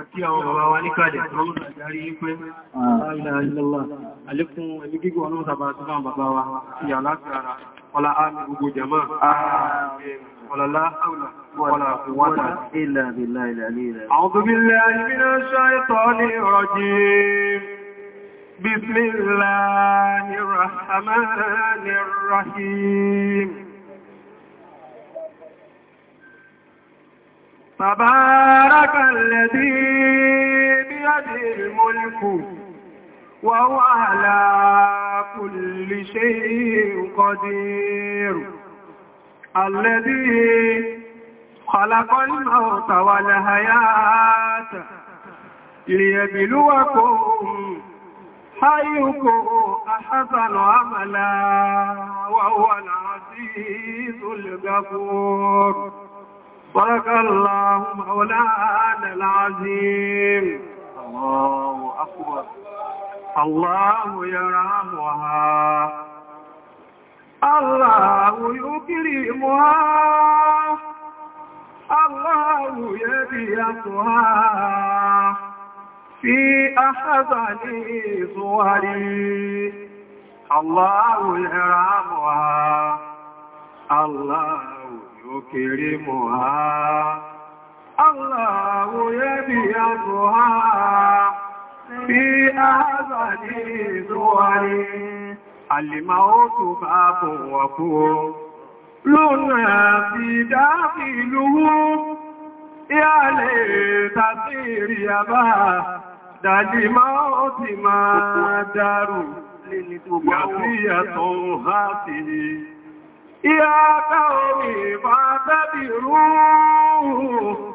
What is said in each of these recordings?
Àti àwọn bàbá wa ní kàdẹ̀, àwọn ìjàrí yí pé, àìlà ìlọ́lá, àlékún ẹni gígùn ọlọ́run sàbà àti bá bàbá wa, ti yà láti ara, ọlá àmì gbogbo jẹmọ́, ọlá láàrùn, ọlá àkùnwátà, ilẹ̀ àbìlẹ̀ ilẹ̀ àlè بسم الله الرحمن الرحيم تبارك الذي بيده الملك وهو على كل شيء قدير الذي خلق الموت والحياة ليبلوكم حيكم أحسن عملا وهو العزيز الغفور صدق الله مولانا العظيم الله أكبر الله يرحمها الله يكرمها الله يبيتها في أحسن صوري الله يرحمها الله òkèrè mọ̀ ha Allah yẹ́ bí a mọ̀ ha bí a bá ní ìzúwárí alìmá ó Luna bá bọ̀ wọ̀kú lónà bí dáàbì lówó ìyàlẹ̀ tàbí ìrì àbá dàdìmá ó ti máa dárù Yàtí yàtọ̀ ha ti إياك أمي فاعتبروه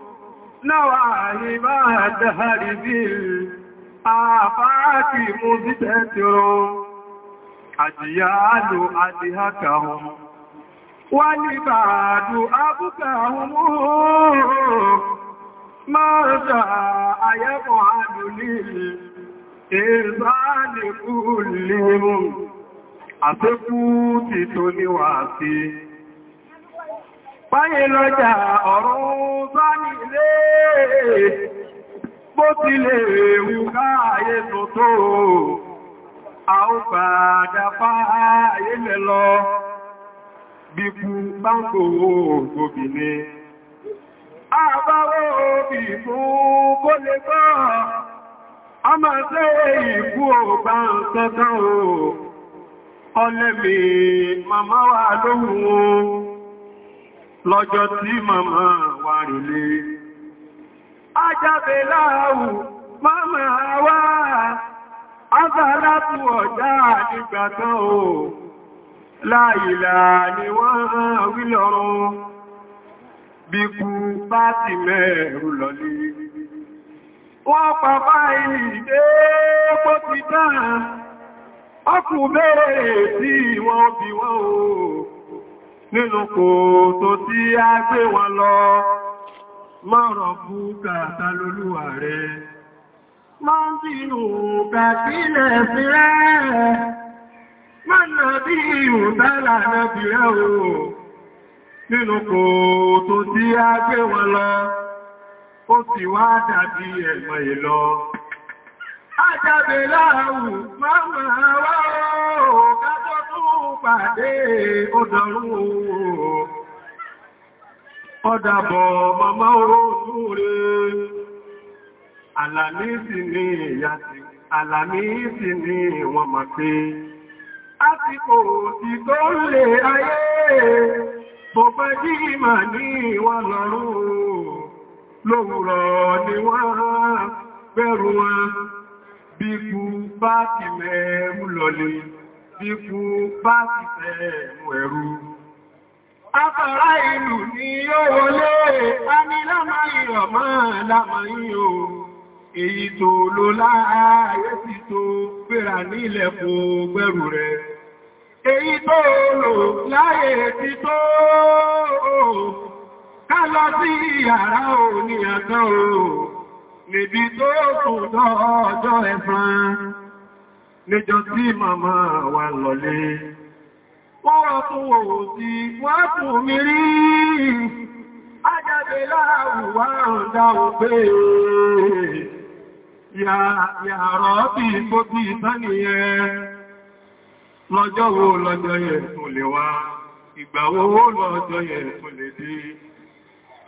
نواهب الدهر بالآفات مزدتر أجيال أدهكهم والعباد أبكاهم ما شاء يفعل للإنسان كلهم àtẹ́kú ti tó níwà sí. Báyé lọ́jà ọ̀rún bá nílé, bó ti lè wù káàyé tó tó, a ó padà bá ayé lẹ lọ, bíkú báńkò ògbòbì ni. A báwọ́ òbí fún kó lè gbọ́, a máa ọlẹ́bẹ̀ màmá wà lóhùn o lọ́jọ́ tí màmá wà rílé ajábẹ̀ láàáwù màmá wà azàlátù ọ̀dá nígbàtán o láìlà ni wọ́n wílọ́rún bí kú bá ti mẹ́rù lọ́lé wọ́n pàpá ìdé pọ́ a kù bẹ́ẹ̀ tí wọ́n bí wọ́n o nínú kò tó tí a gbé wọn lọ mọ́rọ̀ búkà tàlólúwà rẹ̀ máa ń bínú kàtílẹ̀ sílẹ̀ rẹ̀ nínú kò tó tí a gbé wọn lọ ó sì wá dàbí ẹ̀mọ̀ ìlọ Ajábẹ̀ láàrù máa máa wá ó kájọ́ tún pàdé ọdọ̀rún ó. Ọdàbọ̀ màmá oróòtú rẹ̀. Àlàmísì ni ìyá ti, àlàmísì ni wọ́n máa pé. Àsìkò ti tó ń lè ayé, bọ̀pẹ́ kí mà ní ìwà lọ́rún lówùrọ̀ ni wọ́n bẹ̀rù wọn bíkú bá ti mẹ́ẹ̀mú lọlé bíkú bá ti mẹ́ẹ̀mú ẹ̀rú afẹ́rá ìlú ni yóò wọlé àmì lámà ìrọ̀ máa lámà yíò èyí tó ló láàáyé sí tó gbéra nílẹ̀ kò gbẹ̀rù rẹ̀ èyí tó lò láyé sí tó ká lọ sí yàrá ò ní àtọ́ ò níbi tó kù lọ́jọ́ ẹ̀fán níjọ tí màmá wa lọlé ó wà fún òwò sí wọ́n fún mi rí ajáde láàrùwá ọ̀dá òpé yàrọ̀ bí kó bí ìsánìyẹ lọ́jọ́ wo lọ́jọ́ yẹ̀ tún lè wá ìgbà lọ́jọ́ yẹ̀ tún lè dé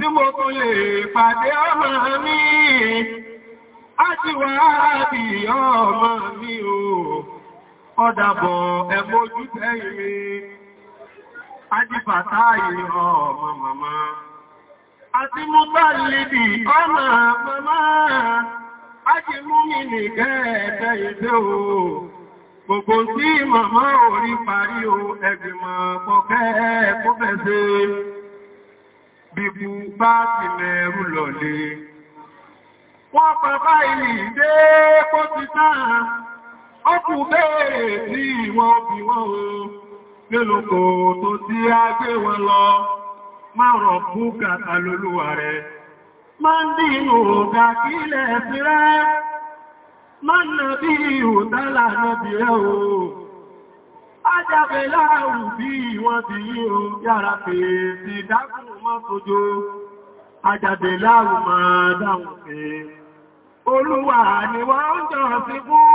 bí mo kò lè pàdé ọmọ mi á ti wà ábì ọmọ mi o ọ̀dàbọ̀ ẹ̀mọ́jú tẹ́yìn mi á ti fàtáyì ọmọ màmá àti mú bá lèdì ọmọ màmá á ti mú mi nìkẹ́ ẹ̀ẹ́fẹ́ ìdẹ́ o gbogbo tí màmá orí parí o ẹgbìmọ̀ pọ̀kẹ́ ẹ̀kúfẹ́ sí bíbú bá ti mẹ́rù lọ̀lé. Wọ́n pa báyìí dé kó ti táà, ó kù bèèrè sí ìwọ̀n òbí wọn o, lélòkò tó tí a gbé wọn lọ, máa rọ̀ fún kàtà lólúwà rẹ̀. Máa ń dí òògà kílẹ̀ sí rẹ̀, máa ń nà bí ìhòtálà náà Ájàbẹ̀ láàrùn bí wọ́n ti yí o yára fèé ti dákùn mọ́ sójó. Ájàbẹ̀ láàrùn máa dáhùn fèé. Olúwa ni wọ́n ń jọ sí fún.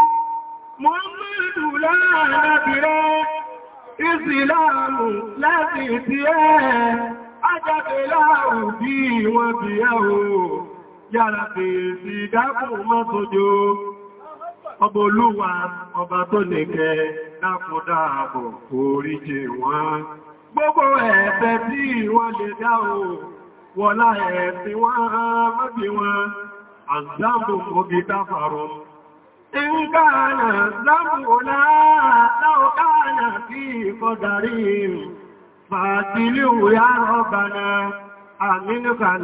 Mọ́mọ́dù láàrẹ́bìrẹ́, ìsìláàmù láti ti ẹ́, ájàbẹ̀ láàrùn bí wọ́n ti yára fèé ti dákùn mọ́ sójó. Ọba dákun dáàbò oríje wọn gbogbo ẹ̀ẹ̀fẹ́ tí wọ́n lè dá o wọ́lá ẹ̀ẹ̀fẹ́ wọ́n mọ́bí wọn àzámbò mọ́bí dáfàrọ̀ ǹkànà zámbò láàkànà sí ìkọ̀dàrí fàtílù ya rọ̀bànà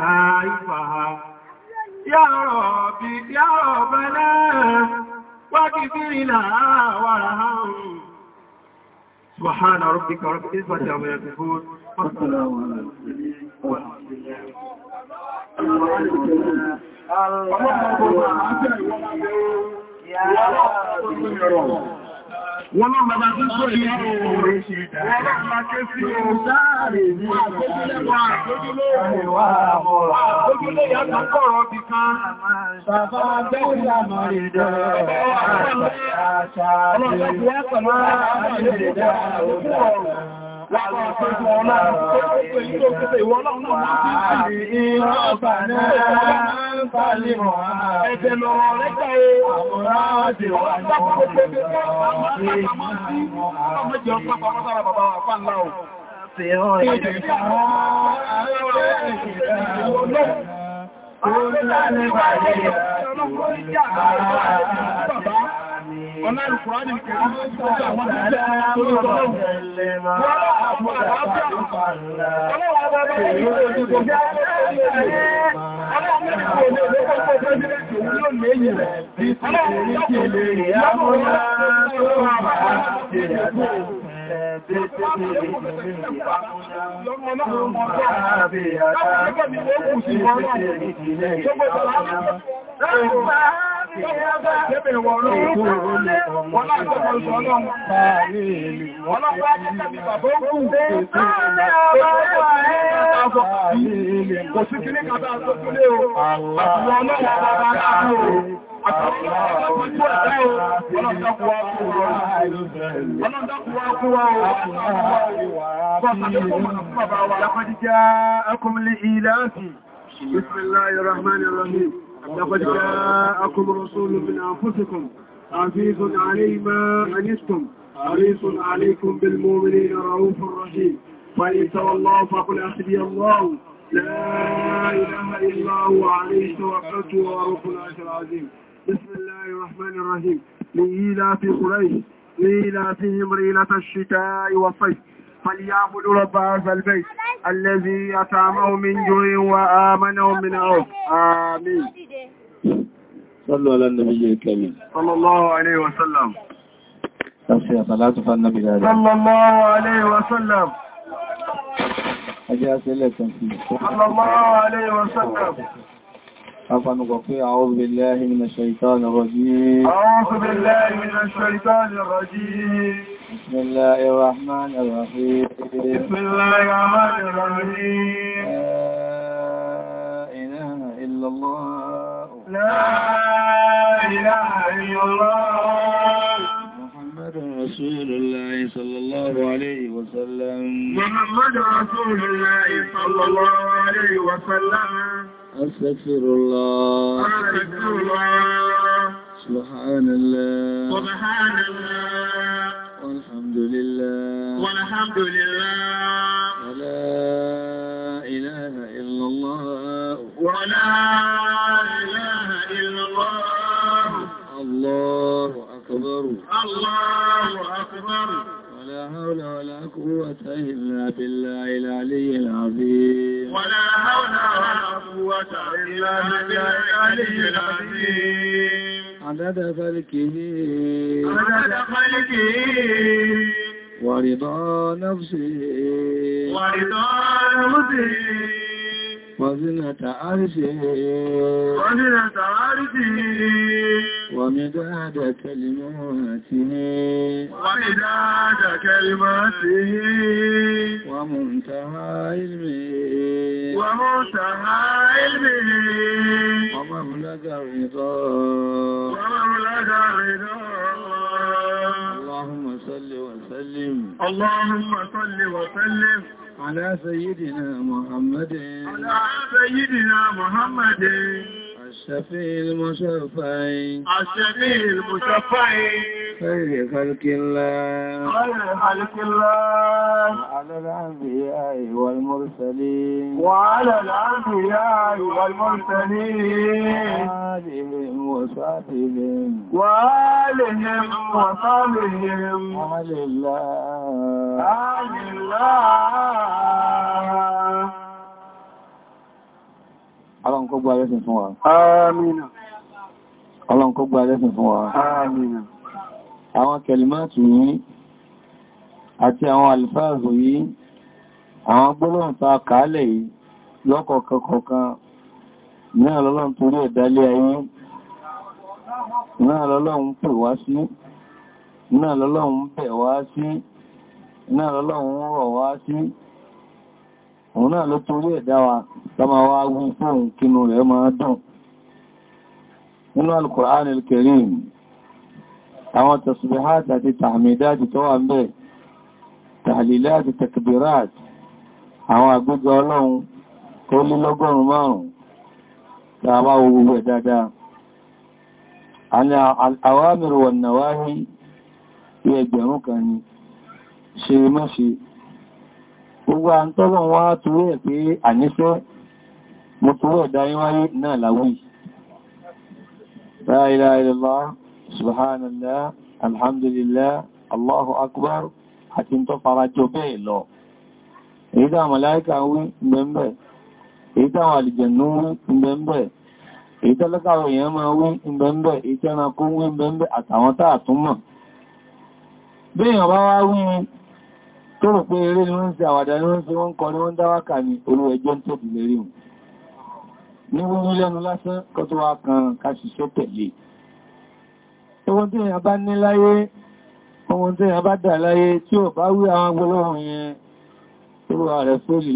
na ìfàhà ya rọ̀bì ya rọ̀bànà سبحان ربك رب العزة عما يصفون والسلام على المرسلين والحمد لله اللهم صل على محمد وعلى Wọ́n lọ́n bàbá tó sọ ìyá oòrùn ṣe dáadáa. Wọ́n lọ́n bàbá tó sí oòrùn sáàrè ní àkójúlẹ́wà àkójúlẹ́wà àmọ́ra. Àkójúlẹ́ ìyá tó kọ̀rọ̀ ti kan. Bàbá bẹ́ẹ̀ àmọ́ ìdẹ̀ àṣà àṣà àṣà àṣà àṣà àṣà láàrín ọ̀pẹ́jú ọlọ́run tó kó èyí tó kó ìwọ ọlọ́run náà máa fi ń rí ọ̀pá náà ń bá lè mọ̀ ẹ̀jẹ̀ lọ́rọ̀ rẹ́gbẹ̀ àwòrán ọdí wà náà wọ́n tó kó Àwọn ọmọdé àwọn ọmọdé ọ̀nà ìkùránì kẹrì tó gbà wọ́n ti jẹ́ torí ọlọ́run. Wọ́n àwọn àbábíà ọlọ́run àbábá ìlú òjòjò jẹ́ ọlọ́run mẹ́rin kò lè lọ́pọ̀ pọ̀ pẹ́jìrẹ́tì òun yóò lè yìí rẹ̀. Ọlọ́run yóò lè rí àwọn ọlọ́run Ọgbà Ìjẹ́bẹ̀ wọ̀ ọ̀rọ̀ òkú wọ́n láti ọ̀sọ̀ ọlọ́run. Ọlọ́pàá ti tàbí bàbá òkú. Kò sí kí ní kàtà tó kúlé o. Àtìwọ̀ ọlọ́run bàbá láàrú o. Àtìwọ̀ ọlọ́run tó ẹ̀dá o. Ọlọ́dọ́kùwá kú wa o. Ọlọ́dọ́kùwá kú wa o. Bọ́sàdé kó mọ̀ لقد جاءكم رسول من أنفسكم عزيز علي ما أنستم حريص عليكم بالمؤمنين رؤوف رحيم فإن تولوا فقل حسبي الله لا إله إلا الله عليه توكلت ورب العرش العظيم بسم الله الرحمن الرحيم لإيلاف قريش لإيلافهم ريلة الشتاء والصيف فليعبدوا رب هذا البيت الذي أطعمهم من جوع وآمنهم من عوف آمين صلوا على النبي الكريم صلى الله عليه وسلم صلاة فالنبي صلى الله عليه وسلم أجاز صلى الله عليه وسلم أفنقفي أعوذ بالله من الشيطان الرجيم أعوذ بالله من الشيطان الرجيم بسم الله الرحمن الرحيم بسم الله الرحمن الرحيم لا إله إلا الله لا إله إلا الله محمد رسول الله صلى الله عليه وسلم محمد رسول الله صلى الله عليه وسلم أستغفر الله أستغفر الله سبحان الله سبحان الله والحمد لله والحمد لله ولا إله إلا الله ولا إله إلا الله الله أكبر الله أكبر ولا حول ولا قوة إلا بالله العلي العظيم ولا حول ولا قوة إلا بالله العلي العظيم عدد فلكه عدد فلكه ورضا نفسه ورضا نفسه وزنة عرشه وزنة عرشه ومداد كلماته ومداد كلماته ومنتهى علمه ومنتهى علمه ومبلغ رضا ومبلغ الرضا اللهم صل وسلم اللهم صل وسلم على سيدنا محمد على سيدنا محمد الشفيع المشفعين الشفيع المشفعين خير خلق الله خير خلق الله وعلى الأنبياء والمرسلين وعلى الأنبياء والمرسلين وآلهم وصحبهم وآلهم وصحبهم آل الله آل الله Ọlọ́run kó gba lẹ́sìn fún wa. Àmìnà. Ọlọ́run kó gba lẹ́sìn fún wa. Àmìnà. Àwọn kẹlìmáàtù yìí àti àwọn alifáàzù yìí, àwọn gbọ́lọ́run ta kàálẹ̀ yìí lọ́kọ̀ọ̀kọ̀ọ̀kan náà lọ́lọ́run torí ẹ̀dálé ayé, náà lọ́lọ́run pè wá sí, náà lọ́lọ́run bẹ̀ wá sí, náà lọ́lọ́run rọ̀ wá sí, òun náà ló torí ẹ̀dá wa lọ́mà wá wí fún kínú rẹ̀ máa dùn nínú al-Qur'an al-Karim àwọn tasbihat àti tahmidat tó wà ń bẹ̀ tahlilat àti takbirat àwọn àgbógbà ọlọ́run tó lé márùn-ún tàbá gbogbo à ń tọ́lọ̀ wá túwọ́ ẹ̀ pé àníṣẹ́ mo túwọ́ ọ̀dáyé wáyé náà láwí la ilaha illallah subhanallah alhamdulillah allahu akbar àti tó farajọ bẹ́ẹ̀ lọ èyí tí àwọn màláíkà wí mbẹ̀mbẹ̀ èyí tó rò pé eré ni wọ́n ń ṣe àwàdà ni wọ́n ń wọ́n kọ ni wọ́n dáwákà ni olú ẹjọ́ tó bí lérí hùn ní wọ́n lẹ́nu lásán kọ́ tó wá kan ká ṣiṣẹ́ tẹ̀lé ohun tí èyàn bá ní láyé ohun tí èyàn bá wí àwọn gbọ́lọ́run yẹn olúwa rẹ̀ sórí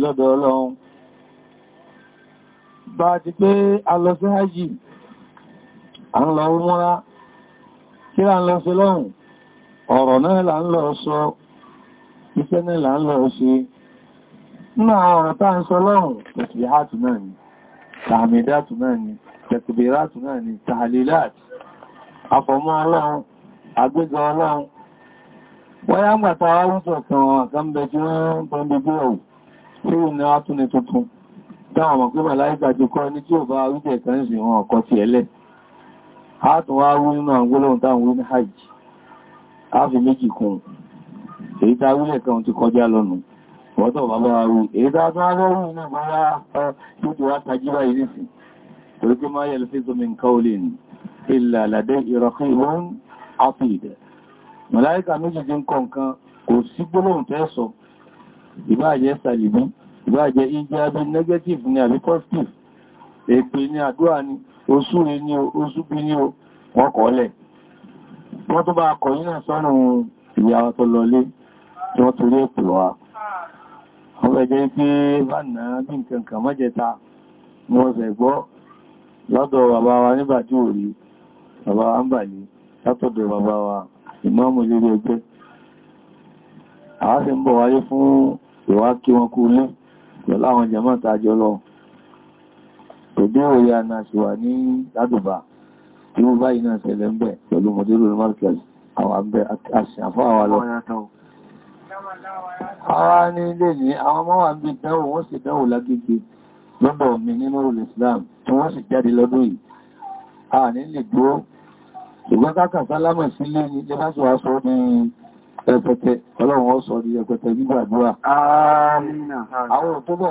iṣẹ́ náà là ń lọ ṣe náà ọ̀rọ̀ tá ń sọ lọ́rùn tẹ̀sìbíhátù náà ni tààmìdátù náà ni tẹ̀sìbíhátù náà ni tààlìláàtì àfọ̀mọ́ ọlọ́run àgbéga ọlọ́run wọ́n yá ń gbàta arúsọ̀ kan àkànbẹ tí wọ́n bọ́ ń gbogbo ọ̀wù tí ó ní wá tún ní tuntun táwọn ọmọ pé màláìkà ti kọ́ ní tí ò wá rú nínú àgbólóhun táwọn wí ní hajj á fi méjì kún èyí tá wílẹ̀ kan ti kọjá lọ́nu ọ̀dọ̀ bàbá arú èyí tá tó rọrùn náà bọ́lá tó ti wá tajíra ìrísì torí kí máa yẹ̀lẹ̀ físo min kaulin illa ladẹ́ ìrọ̀kún ìwọ̀n afid màláíkà méjì dín kọ̀ọ̀kan kò sí gbólóhùn tẹ́ sọ ìbáàjẹ́ sàlìbí ìbáàjẹ́ ìjábí ni àbí ni wọ́n kọ́lẹ̀ wọ́n tó bá kọ̀ yínà sọ́nà ìyàwó tó lọlé tí wọ́n torí èpè wa wọ́n fẹ́ jẹ́ pé bá náà bí nǹkan kan mọ́jẹta ni wọ́n fẹ́ gbọ́ lọ́dọ̀ bàbá wa nígbàjú òrí bàbá wa ń bà ní látọ̀dọ̀ bàbá wa ìmáàmù lórí ẹgbẹ́ àwọn sì ń bọ̀ wáyé fún ìwá kí wọn kú lé pẹ̀lú àwọn jẹmọ́ta jọ lọ àwọn àbẹ́ ara ni ilé ní àwọn ọmọ wà bí dánwò wọ́n sì dánwò lágbègbè lọ́bọ̀ mi nínú Islam tí wọ́n sì jáde lọ́dún yìí a ní lè dúró ṣùgbọ́n káàkà sálámà sílé ní lẹ́bàṣọ́ aṣọ́ ní ẹpẹtẹ ọlọ́run ọ̀sọ̀ ní ẹpẹtẹ gbígbàdúrà àwọn òtọ́bọ̀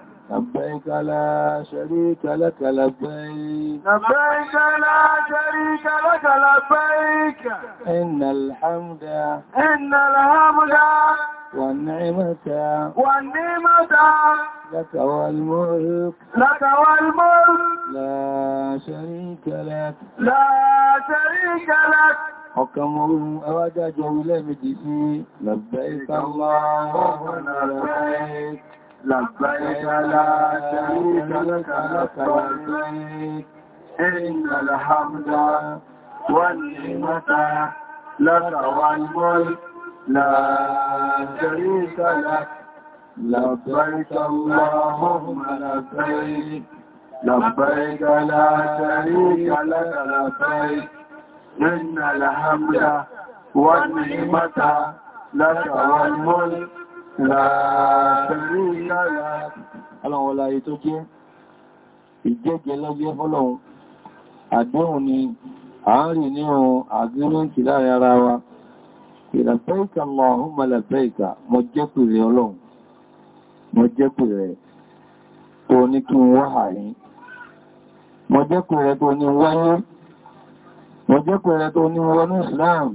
لبيك لا شريك لك لبيك لبيك لا شريك لك لبيك إن الحمد إن الحمد والنعمة والنعمة لك والملك لك والملك لا شريك لك لا شريك لك حكمه أوجه لمجسي لبيك اللهم لبيك لبيك لا شريك لك لبيك إن الحمد والنعمة لك والملك لا شريك لك لبيك اللهم لبيك لبيك لا شريك لك لبيك إن الحمد والنعمة لك والملك Àdéhùn ni àárín ní ohun àgbíríǹtì láàrin ara wa, ìlàfẹ́ìkà Allahumma làfẹ́ìkà, mo jẹ́ pèrè Ọlọ́run, mo jẹ́ pèrè tó ní kí n wá àrí, mo jẹ́ pèrè tó ní wáyé, mo jẹ́ pèrè tó ní wọnú Islam,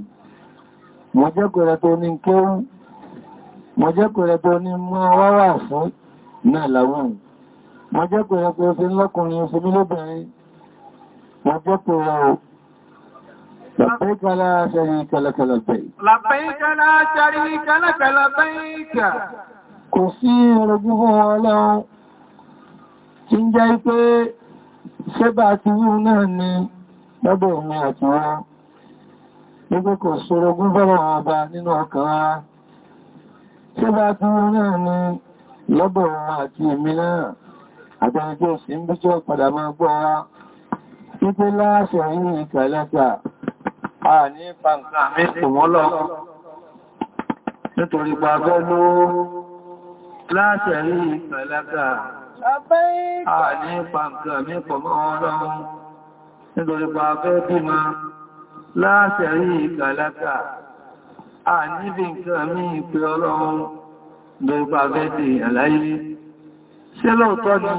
mo jẹ́ pèrè tó mọ jẹ́ pẹ̀rẹ̀pẹ̀ ní mọ́ wáwà fún náà láwọn mọ jẹ́ pẹ̀rẹ̀pẹ̀ òfin lọ́kùnrin òfin lóbìnrin mọ jẹ́ pẹ̀rẹ̀ لبيك لا شريك لك لبيك لبيك لا شريك لك لبيك kò sí ẹrọgbí fún wọn ọlọ́run tí ń jẹ́ pé ṣẹ́bà ti wú náà ni lọ́bọ̀ mi àti kò sọ́rọ̀gún fọ́rọ̀ ọba nínú ọkàn ara ṣe bá tún wọn náà ni lọ́bọ̀ wọn àti èmi náà àtàrígbò sí ń bíjọ́ padà máa gbọ́ wá títí láàṣẹ yìí ìkàlẹ́ta a ní pàǹkà mẹ́sì wọ́n lọ nítorí pàbẹ́ ló láàṣẹ yìí ìkàlẹ́ta mọ́ ọlọ́run láàṣẹ yìí ìkàlẹ́ta a níbi nǹkan mí pé ọlọ́run gbogbo àfẹ́sì àláyé ṣé lóòtọ́ ni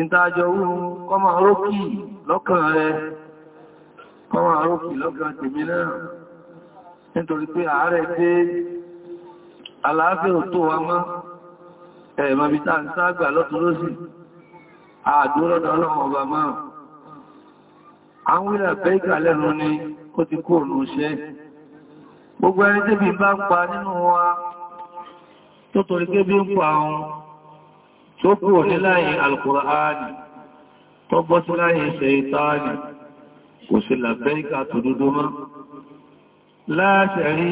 ìtajọ oòrùn kọmọ àrókì lọ́kàn rẹ kọmọ àrókì lọ́kàn tèmi náà nítorí pé ààrẹ pé aláàfẹ́ òtó wa mọ́ ń sáàgbà lọ́tọ́lọ́sì ọlọ́run máa gbogbo ẹni tẹ́bí bá pa nínú wa tó torí pé bí ń pa ohun tó kúrò ní láyé alkùránì tó bọ́ sí láyé ṣẹ̀ìtánì kò sí làbẹ́ríkà tó dúdú mọ́ láṣẹ̀rí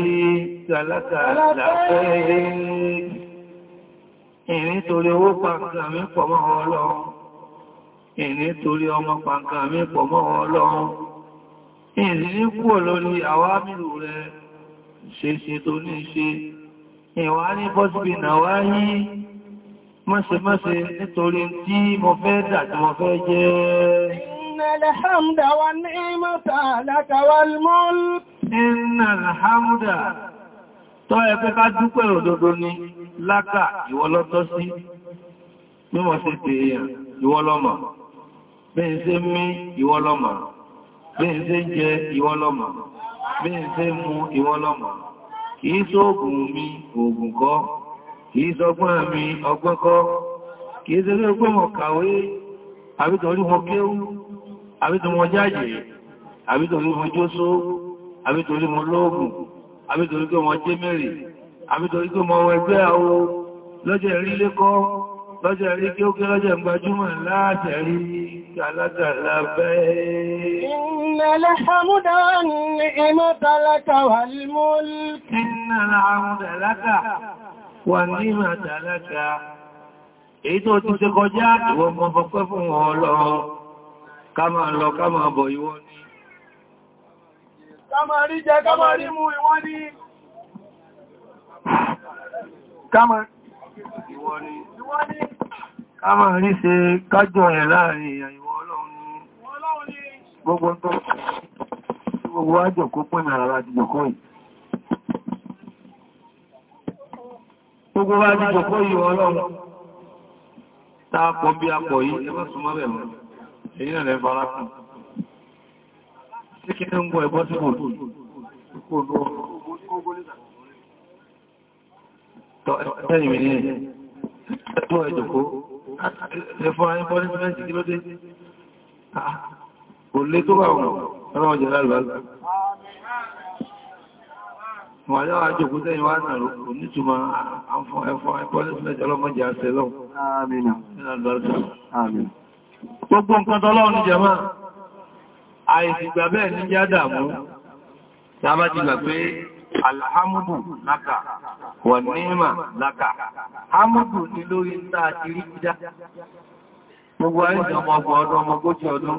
tàlákà ìrìn torí owó pàǹkà mi pọ̀ mọ́ ọlọ́run ìrìn torí ọmọ pàǹkà mi pọ̀ mọ́ ọlọ́run ìrìn kúrò lórí àwámìlú ṣe ṣe tó ní ṣe ìwà ní bọ́sìbì náà yí mọ́sẹ̀mọ́sẹ̀ nítorí tí mo fẹ́ dà tí mo fẹ́ jẹ́ Innal hamda wan laka wal mulk Innal hamda tó ẹgbẹ́ ká dúpẹ́ òdodo ni lákà ìwọlọ́tọ́ sí bí mo ṣe tèèyàn ìwọlọ́mọ̀ bí ń ṣe mí ìwọlọ́mọ̀ bí ń ṣe jẹ ìwọlọ́mọ̀ bí i ṣe mú ìwọ lọ́mọ̀ kìí sóògùn mi òògùn kọ́ kìí sọgbọ́n mi ọgbọ́n kọ́ kìí ṣe lórí mọ̀ kàwé àbítorí mọ̀ kéwú àbítorí mọ̀ àbítorí mọ̀ jósó àbítorí mọ̀ lóògùn àbítorí pé mọ̀ jémèrè àbítorí pé mọ̀ ẹgbẹ́ àwọ lọ́jọ́ ẹ̀rí lékọ́ lọ́jọ́ ẹ̀rí kí ó kí lọ́jọ́ ìgbàjúmọ̀ láti ẹ̀rí alágàlá إن الحمد والنعمة لك والملك إن الحمد لك والنعمة لك èyí tó ti ṣe kọjá ìwọ mọ̀ fọ́pẹ́ fún wọn lọ ká máa lọ ká máa bọ̀ ìwọ ni ká máa rí jẹ ká máa rí mú ìwọ ni ká máa rí ṣe kájọ ẹ̀ láàrin ìyàyìn gbogbo tó gbogbo wájọ̀ kó pínà ara jòkó yìí gbogbo wájọ̀ jòkó yìí ọlọ́run tààpọ̀ bí apọ̀ yìí ẹgbẹ́ súnmọ́ bẹ̀ mọ́ èyí nà lẹ́fà sí kí ní ń gbọ́ ẹgbọ́ kò tó ẹ̀tọ́ ẹ̀jọ̀kó kò tó bá wọn ọlọ́wọ́ jẹ́ lálùbálù wọ́n lọ́wọ́ àjòkú sẹ́yìn wá nàrò kò ní túnmọ̀ àfọn ẹ̀fọn ẹ̀kọ́lẹ́sìmẹ́jọ ọlọ́mọdé àṣẹ lọ́wọ́ gbogbo nǹkan tọ́lọ́run ní jẹmọ́ gbogbo ọmọ ọdún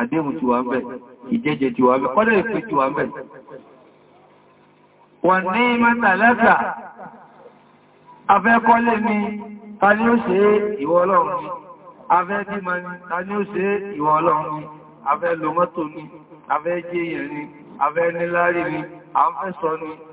àdéhùn ti wà ń bẹ̀ ìjẹ́jẹ ti wà ń bẹ̀ kọ́dẹ̀ ìpé ti wà ń bẹ̀ wọ́n ní mẹ́ta lẹ́ta afẹ́kọ́lé ni ta ni ó ṣe ìwọ ọlọ́run ni afẹ́ bí ma ni ta ni ó ṣe ìwọ ọlọ́run ni afẹ́ lo mọ́tò ni afẹ́ jẹ́ èèyàn ni afẹ́ níláàrí ni afẹ́ sọ ni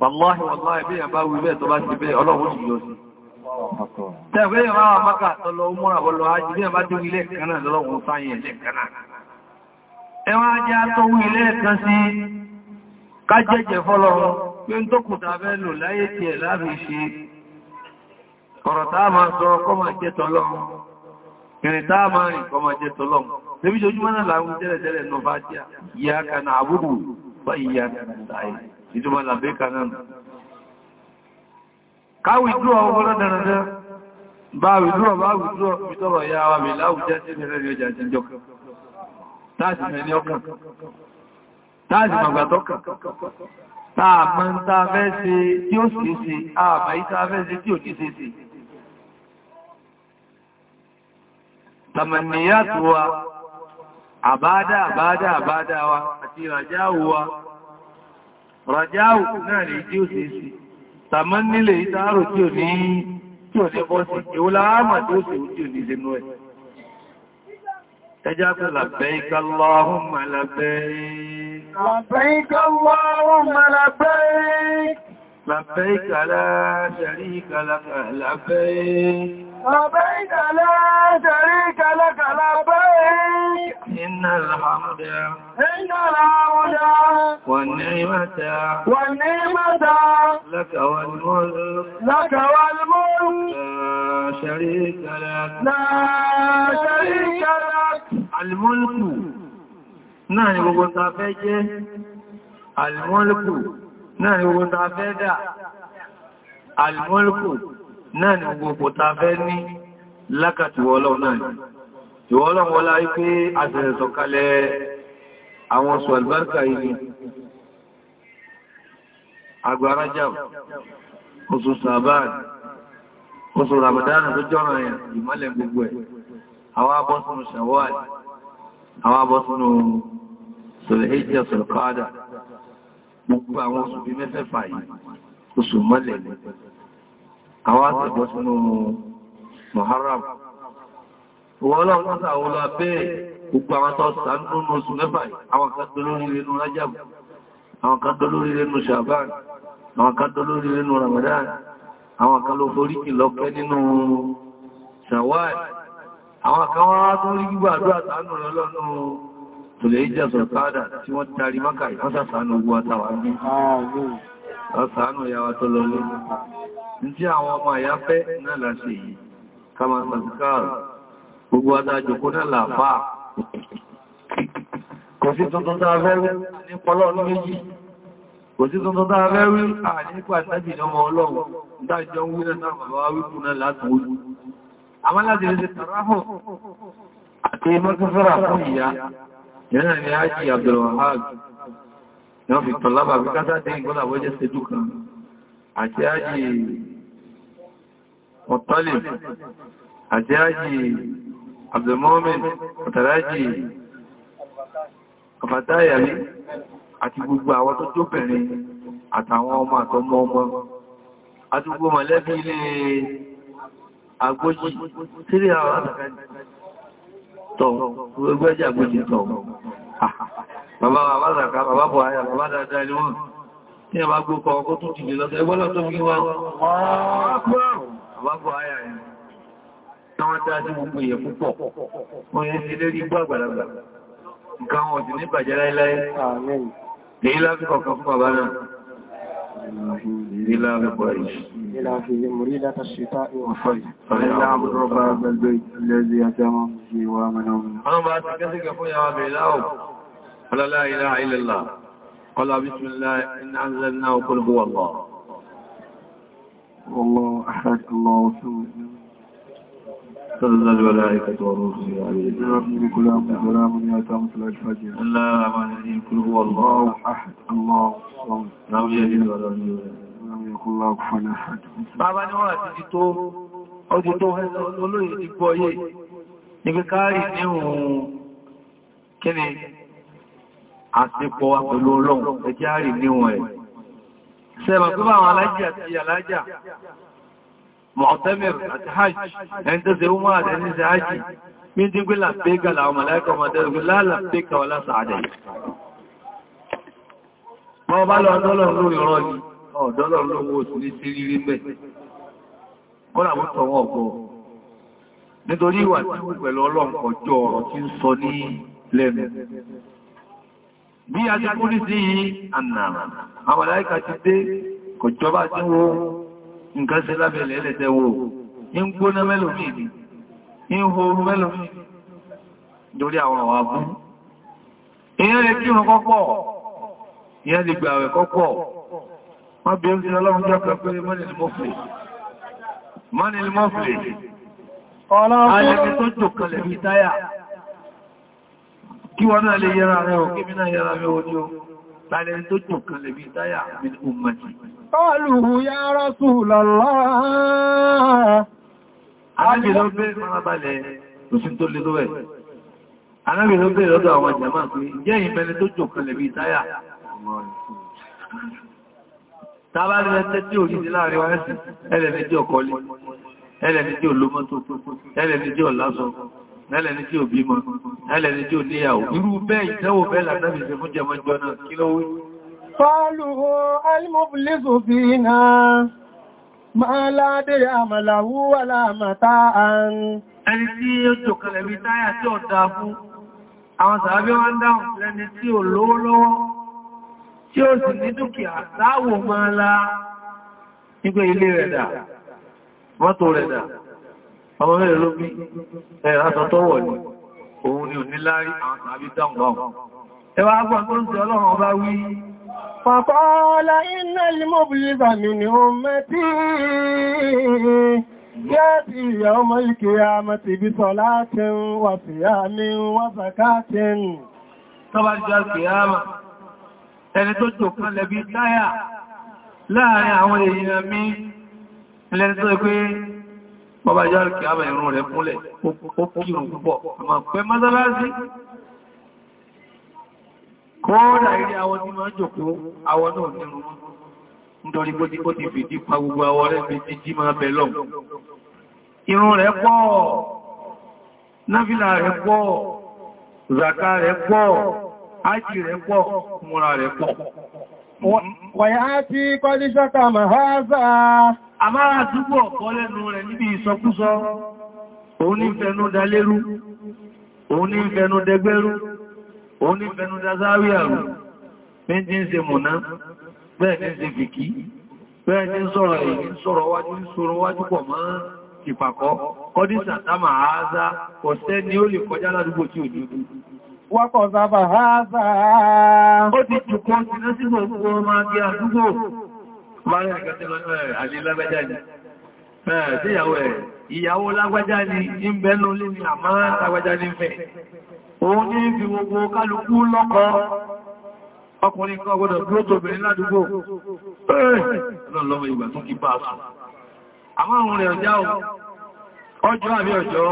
Wàláhì wàláhì bí yàn bá wí bẹ́ẹ̀ tó bá ti bẹ́ẹ̀ ọlọ́run sì yọ sí. Tẹ́gbẹ́ yàn máa máka tọ́lọ múra bọ́lọ ajé bí yàn bá tó ilé kaná lọ́wọ́n sáyẹ̀ ilé kaná. Ẹwà ajá tó wí ilé kan sí kájẹ́jẹ́ fọ́lọ́run pé ń tó kùtà bẹ́ lò láyé tí ẹ̀ jẹ́ ìjọba làbẹ́kà náà káwì dúró ọgbọ́n dáradára bá wì dúró bá wì dúró ìtọ́rọ̀ ya wa mi láwùjẹ́ sí mẹ́rẹ́ rí ọjà jẹjọ táàdì mẹ́ni ọkàn táàdì màgbàtọ́kàn táà mọ́ ń ta fẹ́ ṣe tí ó sì ṣe àbà ìta fẹ́ ṣe wa àbádá àbádá àbádá wa àti ìràjáwò wa rọ̀jáù náà lè jí ò sí sí tàmán nílé ìtàárò tí ò ní tí ò ní bọ́ sí ìwúlá àmà tí ó sì tí ò ní sínú ẹ̀ ẹjá kú labbaika Allahumma labbaik labbaika Allahumma labbaik لبيك لا شريك لك لبيك لبيك لا شريك لك لبيك إن الحمد إن الحمد والنعمة والنعمة لك والملك لك والملك لا شريك لك لا شريك لك الملك نحن نعم، بقول تابعك الملك náà ni gbogbo ta fẹ́ dà alìmọ́lùkù náà ni gbogbo ta fẹ́ ní lákàtìwọ́lọ́ náà ìwọ́lọ́ wọlá wípé àṣẹ̀rẹ̀ sọ̀kalẹ̀ àwọn sọ àlùbáríkà yìí agbárájá oṣù sàbáàd oṣù ramadana tó jọ́nà àwọn abọ́sùn sàwọ́àd àwọn abọ́sùn sọ̀lẹ̀ hijjá sọ̀lẹ̀ kọ́ádà gbogbo àwọn oṣù bí mẹ́fẹ́fà yìí oṣù mọ́lẹ̀ ni àwọn àtẹ̀bọ́ sínú Muharram wọ́n láwọn àwọn abẹ́ gbogbo àwọn tó sàánú ní oṣù mẹ́fà yìí àwọn kan tó lórí nínú Rajab àwọn kan tó lórí nínú Shaban àwọn kan tó lórí tòlè ìjẹ́ sọ̀tádà tí wọ́n tarí mọ́kà ìfọ́sàsánú ogun àtàwà ní ọ̀sánú ìyàwó tó lọ lé ní tí àwọn ọmọ àyá fẹ́ náà láṣẹ yìí kama sàtìkáàrù gbogbo adájòkó náà làfà kò sí tuntun tá a fẹ́ rí ní pọ́lọ́ ní méjì kò sí tuntun tá a fẹ́ rí ànípa tẹ́bì lọ́mọ ọlọ́run dájọ́ wí náà bàbá wípù náà láti wí àmọ́ láti rí sí tàráhùn àti mọ́kúnfẹ́ra fún ìyá Yẹ́nà ni a jí Abdulwahab, yọ́n fi tọ̀lábà fi kátà dé ìgbọ́nà wọ́jẹ́ sí dúkan, àti a jí Mọ̀tọ́lì, àti a jí Abdulmohamed, àtàrà jí Ọ̀fàtáyàrí, àti gbogbo àwọn tó tó bẹ̀rin àtàwọn ọmọ àtọmọ ọmọ. Adúgbò mọ̀lẹ́bí ilé agbójí, sírí tọ̀ gbogbo ẹjà gbogbo tọ̀. Bàbá bàbá zàká, bàbá bọ̀ ayà, bàbá dáadáa ni wọ́n. Ní ẹ̀bá gbókọ̀ ọkọ́ tó ti dìlọ tẹ́ gbọ́lọ̀ tó fi wá. Bàbá bọ̀ ayà yìí. Táwọn tí a ti gbogbo yẹ púpọ̀, wọ́n yẹ́ sí lérí gbọ́ àgbàlagbà. Nǹkan wọn ò bàjẹ́ láíláí. Èyí láti fún bàbá náà. بلال قريش إلى في مريدة الشتاء والصيف فليعبد رب هذا البيت الذي يتمم فيه وامنهم أنا بأتكسك فيا بلاو قال لا إله إلا الله قال بسم الله إن أنزلناه قل هو الله والله أحد الله وسلم صلى الملائكة ورسله عليه ربي كل أمر سلام يا تامس الفجر الله أمان الدين كل هو الله أحد الله الصمد لم يلد ولم يولد لم يكن له كفوا أحد Bàbá ni wọ́n àti tó ọdún tó olóyè ti gbọ́ yé, níbi káàrí ní òun kí ni àṣepọ̀ wa pẹ̀lú ọlọ́run, ẹjá rí níwọ̀n ẹ̀. Ṣẹ́bà tó bá àwọn alájà mọ̀tẹ́mìr àti hajj ẹni tó ṣe umar ẹni ṣe hajj mí tí gbé làpéka làwọn mọ̀láíkà mọ̀tẹ́rùgbé lálàpéka wọlá sàádẹ̀ mọ́ bá lọ dọ́lọ̀ lórí rọ́ ní ọ̀dọ́lọ̀ lówó oṣù ní sí rírí bẹ́ kọ́nà mú tọ wọn ọ̀gọ́ nítorí ìwà tí ó pẹ̀lú ọlọ́nkọjọ́ ọ̀rọ̀ tí ń sọ ní lẹ́nu bí a ti kú sí yìí àwọn mọ̀láíkà ti dé kọjọba tí wọ́n nǹkan ṣe lábẹ̀lẹ̀ ẹlẹ́tẹ̀ wo ń gbóná mẹ́lòmí ní ń horú mẹ́lòmí lórí àwọn àwọn abú èyàn lè kírun kọ́pọ̀ èyàn lè gbà àwẹ̀ kọ́pọ̀ wọ́n bí ó ti lọ́lọ́run jọ́ kan pé mọ́nìlì mọ́fìlì ayẹ̀mí tó Tàlẹ̀ tó jùn kan lè bí táyà min ummati. Qalu ya Rasulallah. Anábì ló bẹ́ẹ̀ máa balẹ̀ tó sí tó lè lówẹ̀. Anábì ló bẹ́ẹ̀ lọ́dọ̀ àwọn jàmá pé jẹ́ ìbẹ̀lẹ̀ tó jùn kan lè bí táyà. Tàbá lè tẹ́ tí òjìdí láàrin wáyẹ́sì, ẹlẹ́ni jẹ́ ọkọ̀lẹ̀, ẹlẹ́ni jẹ́ olómọ́tò, lẹ́lẹ̀ni tí ò bímọ lẹ́lẹ̀ni tí ò níyàwó irú bẹ́ẹ̀ ìtẹ́wò bẹ́ẹ̀ látàbí ṣe fún jẹmọ jọ náà kí ló wí fọ́lùhù alìmọ̀bùlẹ́sù fi náà máa ládẹ̀rẹ̀ àmàlàwú wà láàmàtà ọmọ mẹ́rin ló bí ẹ̀rọ aṣọ tọ́wọ̀ ní òun ni ò ní lárí àwọn tàbí dáhùn báhùn ẹwà agbọ́n tó ń tẹ ọlọ́run ọba wí فقال إن المبلغ من أمتي يأتي يوم القيامة بصلاة وصيام وزكاة طبعا جاء القيامة ẹni tó jòkan lẹ́bí táyà láàrin àwọn èèyàn mi lẹ́ni tó pé bọ́bá yára kí àmà ìrún rẹ̀ múlẹ̀ ó púpọ̀ pẹ́ mọ́sálásí kọ́ọ̀dà ilé àwọn tí máa jòkó àwọn náà nítorí bó ti kó ti pa gbogbo àwọ rẹ̀ fi ti jí máa bẹ̀ lọ́m rẹ̀ pọ̀ rẹ̀ pọ̀ rẹ̀ pọ̀ rẹ̀ àmára àdúgbò ọ̀pọ̀ lẹ́nu rẹ̀ níbi ìsọkúsọ òun ní fẹnu lérú òun ní fẹnu dẹgbẹ́rú òun ní fẹnu da zárí ń ṣe mọ̀ná bẹ́ẹ̀ ń fìkí ń sọ̀rọ̀ èyí sọ̀rọ̀ wájú pọ̀ mọ́ ìpàkọ́ Ìyàwó lágbájá ni ń bẹ́nu lé ní àmá lágbájá ní fẹ́. Òun ní fi gbogbo kálukú lọ́kọ́ ọkùnrin kan gbọ́dọ̀ bí ó tóbìnrin ládúgbò. Ọlọ́lọ́wọ́ ìgbà tún kí bá sùn. Àmá òun rẹ̀ ọjá ọjọ́ àbí ọjọ́,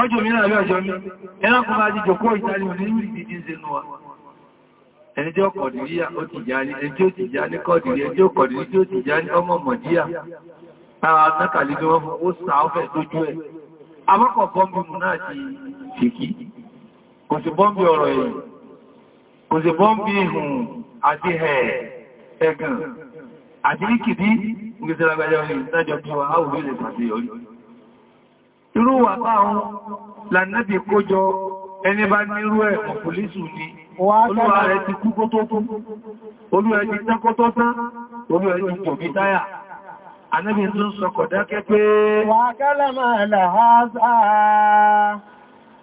ọjọ́ mìíràn àbí ọjọ́ mi, ẹranko máa di jòkó ìtàrí òní ìrìdìdì ń se nù wa ẹni tí ó kọ̀dìríyà ó ti já ní ẹni tí ó ti já ní kọ̀dìrí ẹni tí ó kọ̀dìrí tí ó ti já ní ọmọ mọ̀díyà ara nákàlì ní wọ́n ó sà ọ́fẹ́ tójú ẹ̀ amọ́kọ̀ bọ́m̀bì mú náà ti fìkí kò sí bọ́m̀bì ọ̀rọ̀ ẹ̀yìn kò sí bọ́m̀bì ìhùn àti ẹ̀ ẹ̀gàn àti ìkìdí ìgbésẹ̀lágbàjọ́ ìdájọ́ bí wa áwùrí ilẹ̀ ṣàṣeyọrí irú wà táwọn lànàbì ẹni bá nírú ẹ̀ ọ̀pùlísù ni olúwa rẹ̀ ti kú kó tó kú olúwa ti tán kó tó tán olúwa ti pọ̀ bí táyà anábi tó ń sọkọ̀ dákẹ́ pé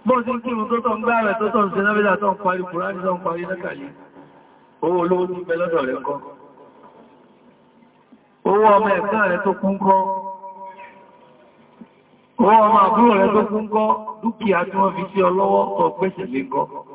bọ́n tí kí ìrùn tó tọ́ ń gbá rẹ̀ tó tọ́ ń ṣe náà tó ń parí kùránì tó ń parí lẹ́kàlẹ̀ owó olówó ti bẹ lọ́dọ̀ rẹ̀ kọ́ owó ọmọ ẹ̀gbọ́n rẹ̀ tó kún kọ́ owó ọmọ àbúrò rẹ̀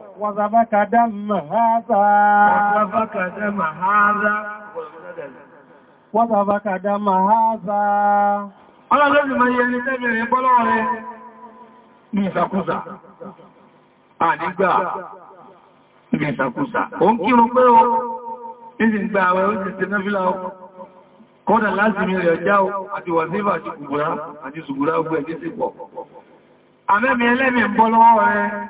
وذبك دم هذا وذبك دم هذا وذبك دم هذا ma yẹ ni tẹ́bẹ̀rẹ̀ bọ́lọ́wọ́ rẹ̀ ní ìsàkúsà àdígbà ní ìsàkúsà o ń o kọ́dà láti mi rẹ̀ já o àti ṣùgbùrá àti ṣùgbùrá ogun ẹ̀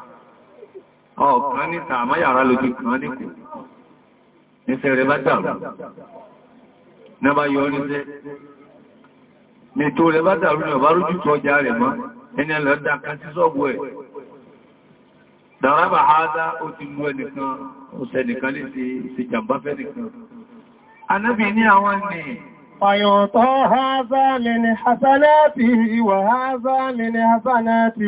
ọ̀kan ní tààmà yàrá lójú kan ní kò ní sẹ́rẹ̀ bá dàrú náà bá yọ oríṣẹ́ ní tó rẹ̀ bá dàrú ní ọ̀bá rújú tó ọjà rẹ̀ mọ́ ẹni ẹlọ́dá kan sí sọ́bù ẹ̀ dàrábà áádá ó ti mú ẹnìkan òṣènìkan lè ti jàmbá ni Fàyọ̀tọ́ háza lè ní hasanáti wà háza lè ní hasanáti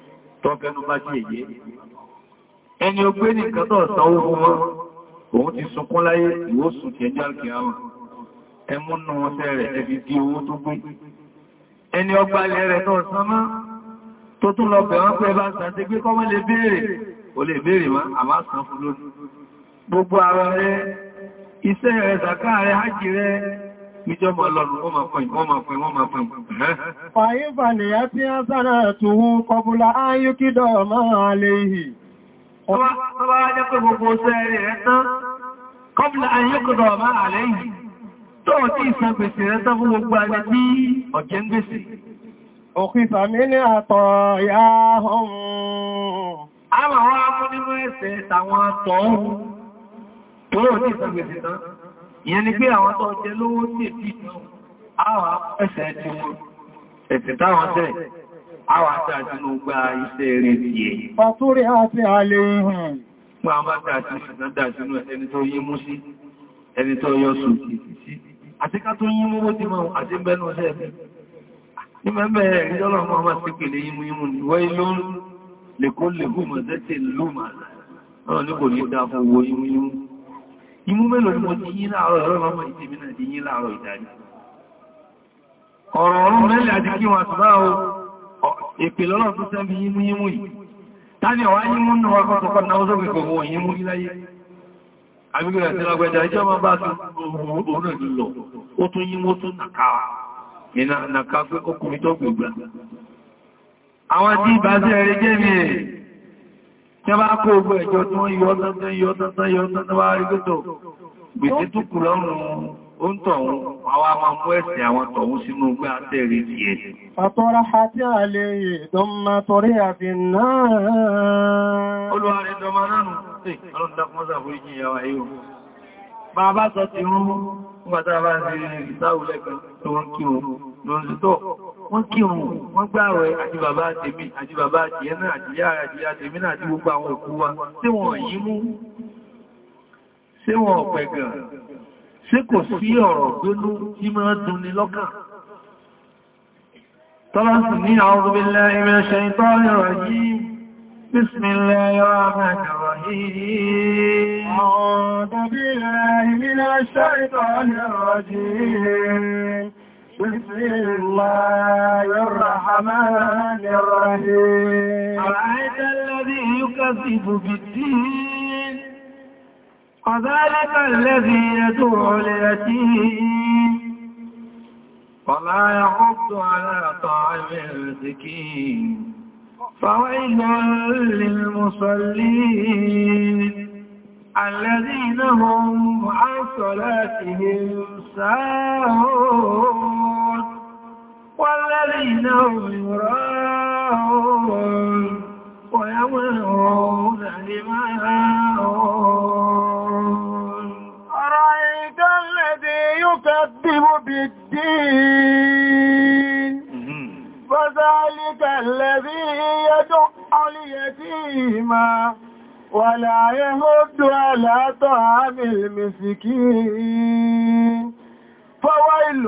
tọ́fẹ́nu bá ṣe èyí ẹni ogbé ní nǹkan tó ọ̀sánwó fún wọn òun ti sunkún láyé ìwó sùn ti ẹjọ́ kí àwọn ẹmúnà wọn sẹ́ rẹ̀ ẹbí bí owó tó gbé ẹni ọgbà ilẹ̀ rẹ̀ tó ọ̀sán tó tún lọ bẹ̀ wọ́n Ìjọba ọlọ́run wọ́n máa pẹ̀yìn, a sára tòun kọbùlà áyúkídọ̀ máa lè hì. Ọba jẹ́ pé gbogbo sẹ́rẹ̀ rẹ̀ tán, kọbùlà áyúkídọ̀ máa lè hì. Tó tí ìsan gbèsè rẹ̀ tán fún gbogbo alẹ́ tí ọ̀jẹ́ ń gbèsè. àtọ̀ yá ọ̀hún. A máa wá fún nínú ẹ̀sẹ̀ àtọ̀ ọ̀hún. Tó tí ìsan gbèsè ìyẹn ni pé àwọn tó jẹ lówó tí èdè àwọn ẹsẹ̀ tí wọ́n ẹ̀sẹ̀ táwọn tẹ́ àwọn àti àjínú gba iṣẹ́ rẹ̀ tí ẹ̀ pàtúrí àti àlè ìhìn pàá bá dájú ṣùgbọ́n dájú ẹni tó yí mú sí ẹni tó yọ sùn sí àti ká tó yí mówó tí máa àti bẹ́nu ọjọ́ ẹ̀bẹ̀ ní mẹ́mẹ́ ìjọ́lọ̀ mọ́ máa ti pèlè ní wọ́n ilú lèkó lèkó mọ̀ imú mélòó ni mo ti yí láàárọ̀ ìrọ̀ ìmọ̀ náà di yí láàárọ̀ ìdarí ọ̀rọ̀ ọ̀rún mẹ́lẹ̀ àti kí wọn àtúbá o èpè tó sẹ́bí yímú yímú yìí tàbí nnọọ yímú náà wá kọ́tọ̀kọ́ náà ó tí bá kó ogbò ẹjọ́ tí wọ́n yọ tọ́tọ́ yọ tọ́tọ́ yọ tọ́tọ́ wá rí gẹ́tọ̀ gbèsè tó kù lọ́rùn ó ń tọ̀hún àwọn a máa mú ẹ̀sẹ̀ àwọn tọ̀hún sínú ogbé àtẹ́rí ti ẹ̀ Àtọ́ra àti àlè ìdọ́mà torí àti náà. Olúwa rẹ̀ dọmà lọ́sítọ̀ wọ́n kírun wọ́n gbààwẹ̀ àti bàbá tèmi àti bàbá tìyẹ́ náà àti yára àti yá tèmi náà àti gbogbo àwọn òkú wa tí wọ́n yí mú sí wọn ọ̀pẹ̀gàn sí kò sí ọ̀rọ̀ gbénú tí máa dunni lọ́kàn tọ́lásì ní a'udhu billahi minash بسم الله الرحمن الرحيم أعوذ بالله من الشيطان الرجيم بسم الله الرحمن الرحيم أرأيت الذي يكذب بالدين وذلك الذي يدعو اليتيم ولا يحض على طعام المسكين فويل للمصلين الذين هم عن صلاتهم ساهون والذين هم يراءون ويمنعون لماءون أرأيت الذي يكذب بالدين فذلك الذي يدع اليتيمة ولا يهد على طعام المسكين فويل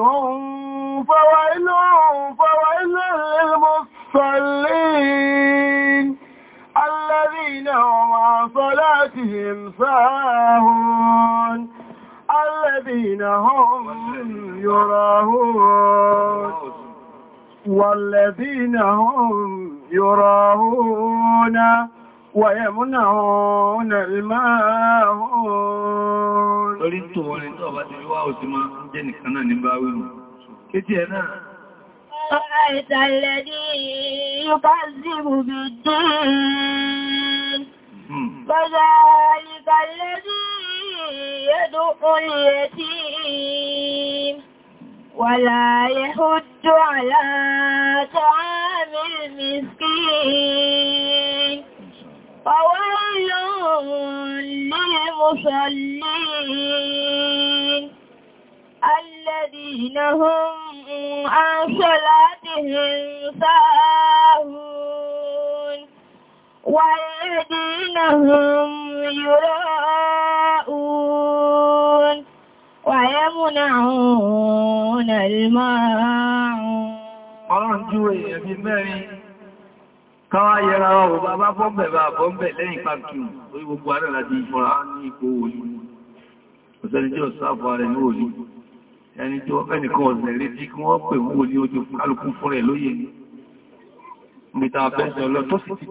فويل فويل للمصلين الذين هم عن صلاتهم ساهون الذين هم يراهون والذين هم يراهون ويمنعون الماعون orí tó wọlé tó bá ti wá òtí máa ń jẹ́ nìkan náà ní bá wíwù kéjì ẹ̀ náà أرأيت الذي يكذب بالدين فذلك الذي يدق اليتيم ولا يحج على طعام المسكين فويل للمصلين الذين هم عن صلاتهم ساهون والذين هم يراءون ويمنعون الماعون. Ọlọ́run jú èèyàn bí mẹ́rin káwà yẹra wọ bàbá bọ́m̀bẹ̀ bá bọ́m̀bẹ̀ lẹ́yìn pàkìrù orí gbogbo ààrẹ láti ìfọ́ra ní ipò òlú ọ̀sẹ̀ni tí ó sáàbọ̀ rẹ̀ ní òlú ẹni tí wọ́n fẹ́nìkan ọ̀sẹ̀ rí tí kí wọ́n pè wú ní ojú kálukú fún rẹ̀ lóye ní mẹ́ta abẹ́sẹ̀ ọlọ́ tó sì ti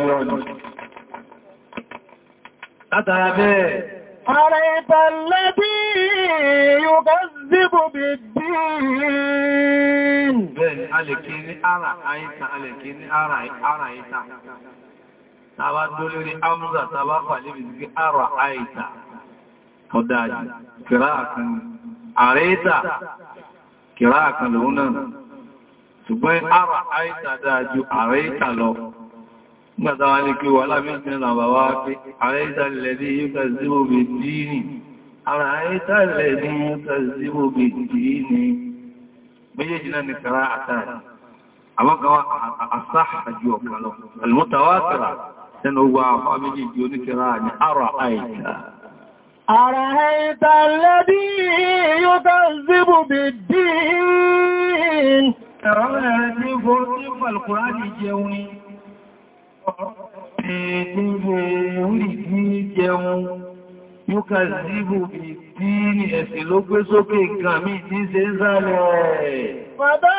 dá látara bẹ́ẹ̀ Ààrẹ ìtàlẹ́bí yóò kẹ́sìbò bí dín. Bẹ́ẹ̀ni, a lè kí ní ara àìta, a lè kí ní ara àìta. Tàbá tó lórí Amúzà tàbá pàlé bí sí ara àìta. Ọ̀dájì, kìrá àkan, ààrẹ ìta, kìrá àkan lòun náà. Ṣùgbọ́n ara àìta dájú ààrẹ ìta lọ. مذلك ولا مثل نبوات عليك الذي يكذب بالدين أرأيت الذي يكذب بالدين بيجنا نقراءتان àwọn kan wá àṣáàjú ọ̀kan lọ. Àlùmọ́tawátàrà tẹnu wa fámílì jí oníkẹrà ní ara àìta. Ara àìta lẹ́bí yóò tó zíbù bí dín. Ẹ̀rọ ẹ̀rẹ́ tí fún ní Fàlùkùrá Yóò ká ìsìnbò bí tí ní ẹ̀sìn ló gbé sókè nǹkan mí tí ṣe ń sálẹ̀ ẹ̀. Bàbá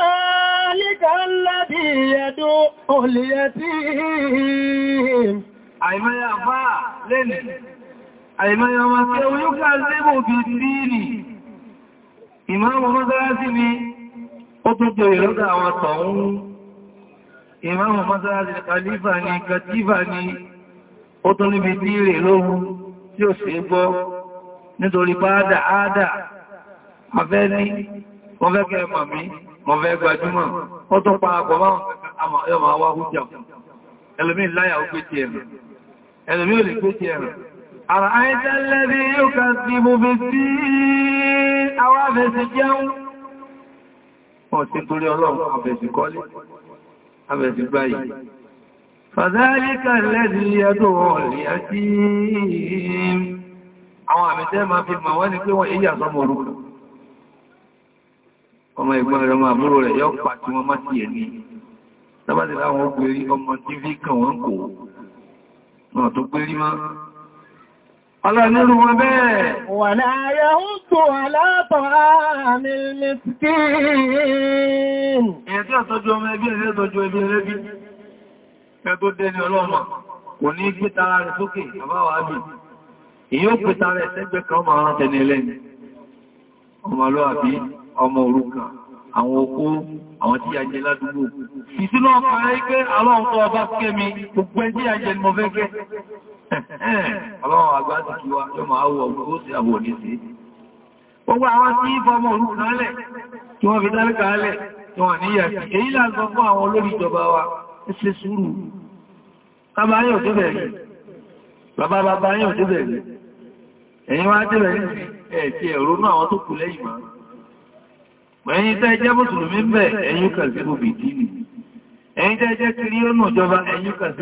líka ńlá bí ẹ̀dọ́ olèyẹ tí àìmọ́yà bá lẹ́nì, àìmọ́yà ọmọ kẹwọ́ yóò bí tí ní ìmáàmù mọ́sálásí ni ó tó jẹ́ ìrọ́dà àwọn tọ̀hún ìmáàmù mọ́sálásí kàlífà ní kàtífà ní ó tó níbi tí rẹ̀ lóhun tí ó sì gbọ́ nítorí pàádà áádà mọ̀fẹ́ ní mọ̀fẹ́kẹ́ mọ̀mí mọ̀fẹ́ gbajúmọ̀ ó tó pa àpọ̀mọ́ Wọ́n ti torí ọlọ́run àbẹ̀sìkọ́lé abẹ̀sí báyìí fàzálíkà lẹ́dí ẹdùn ọ̀lẹ́ àti àwọn àmìtẹ́ ma fi ma wọ́n ni pé wọ́n èyí àsọmọ̀ orúkà ọmọ ìgbọ́n rẹ̀ ọmọ máa Aláàrínú wọn bẹ́ẹ̀. Wà láyé ń tó aláàtọ̀ àmì mìsìkín. Ẹ̀ tí ọ̀tọ́jú ọmọ ẹgbẹ́ ẹ̀rẹ́ tọ́jú ẹgbẹ́ ẹlẹ́bí. Ẹ tó dẹni ọlọ́mà, kò ní gbítà rẹ̀ sókè, àbáwà ábì. Ìyó pẹ̀tà rẹ̀ sẹ́gbẹ́ kan máa rán tẹni ẹlẹ́ni. Ọmọ lọ́àbí, ọmọ ọlọ́run àgbàtí kí wá yóò máa wọ ọgbọ́ sí àbò ní sí gbogbo àwọn tí fọmọ orúkú lálẹ̀ tí wọ́n fi dáríkà alẹ̀ tí wọ́n níyà sí èyí lásọ fún àwọn olórí ìjọba wa ṣe sùúrù bàbá yóò tó bẹ̀rẹ̀ bàbá bàbá yóò tó bẹ̀rẹ̀ ẹ̀yin wá tó bẹ̀rẹ̀ ẹ̀ẹ̀tì ẹ̀rọ náà àwọn tó kiri ó nù ìjọba ẹ̀yin kà sí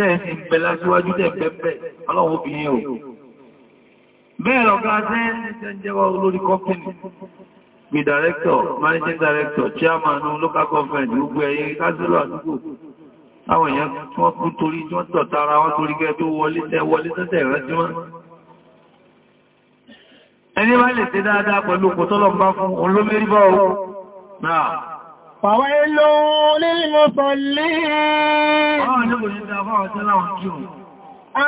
tẹ́ẹ̀sì ń pẹ lásíwájú tẹ́ pẹ́pẹ́ ọlọ́run obìnrin o bẹ́ẹ̀ lọ́gá sẹ́ẹ̀sẹ̀jẹ́wà olórí kọ́pìnì bí director managing director chairman local government gbogbo ẹ̀yẹ kájílò àdúgbò àwọn èèyàn tí wọ́n kú torí tí wọ́n tọ̀tara wọ́n torí gẹ́ tó wọlé tẹ́ wọlé tẹ́tẹ̀ rántí wọ́n ẹni bá lè ṣe dáadáa pẹ̀lú kò tọ́lọ̀ bá fún olómẹ́rí bá ọwọ́ náà فويل للمصلين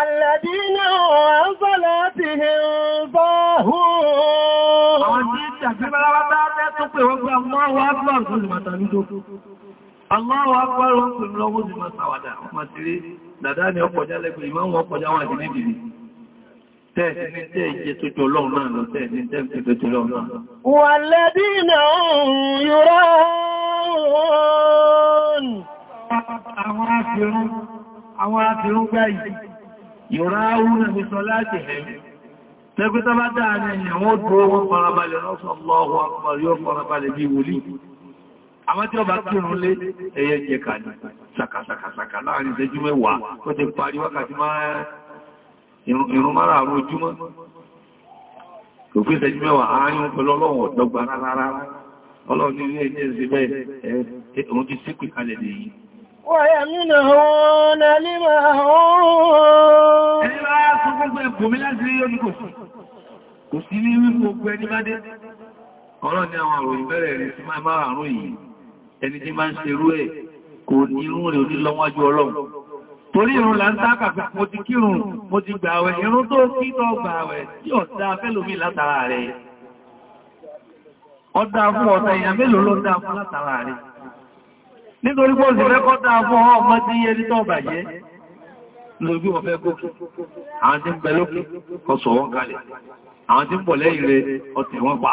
الذين عن صلاتهم ظاهرون Aláwọ̀ agbára ń pè lọ́wọ́ sí máa sàwádà, máa ti rí, dàdá ni ọkọ̀já lẹ́gbẹ̀ẹ́ ìmọ̀ wọn kọjá wà ní níbi. والذين هم يراءون àwọn àfihàn gbáyì yóò ráhùn nàbí sọ láti ẹ̀yìn tẹ́gbẹ́ta bá dáa ní ẹ̀yìn wọ́n tó wọ́n farabalẹ̀ lọ́sọ̀lọ́wọ́ àwọn tí ó bá kírun lé ẹyẹ jẹ́ kà ní sàkàsàkàsàkà láàrin ìṣẹ́jú mẹ́wàá tó ti parí wákàtí máa ìrun mara àrùn ojúmọ́ òfin ìṣẹ́jú mẹ́wàá ààyùn pẹ̀lú ọlọ́run ọ̀dọ́gba rárá ọlọ́run ní ilé ìdí ìsìn bẹ́ẹ̀ òun ti sípì kalẹ̀ lèyí ويمنعون لمعون Kò sí ní wípò ogun ẹni bá ni àwọn àròyìn bẹ̀rẹ̀ rẹ̀ sí máa márùn-ún yìí, ẹni tí máa ń ṣerú ẹ̀ kò ní torí irun là ń tákà pé mo ti kírun mo ti gbààwẹ̀ irun tó kí tó gbààwẹ̀ tí ọ̀dá fẹ́lòmí látara rẹ̀ ọ̀dá fún ọ̀tá èèyàn mélòó ló dá fún látara rẹ̀ nítorí pọ́ sí rẹ́kọ́ dá fún ọmọ tí yẹ ní tọ́ọ̀bà yẹ lórí wọ́n fẹ́ gòkè àwọn tí ń bẹ lókè ọ̀sọ̀ wọn kalẹ̀ àwọn tí ń pọ̀ lẹ́yìn rẹ̀ ọ̀tẹ̀ wọn pa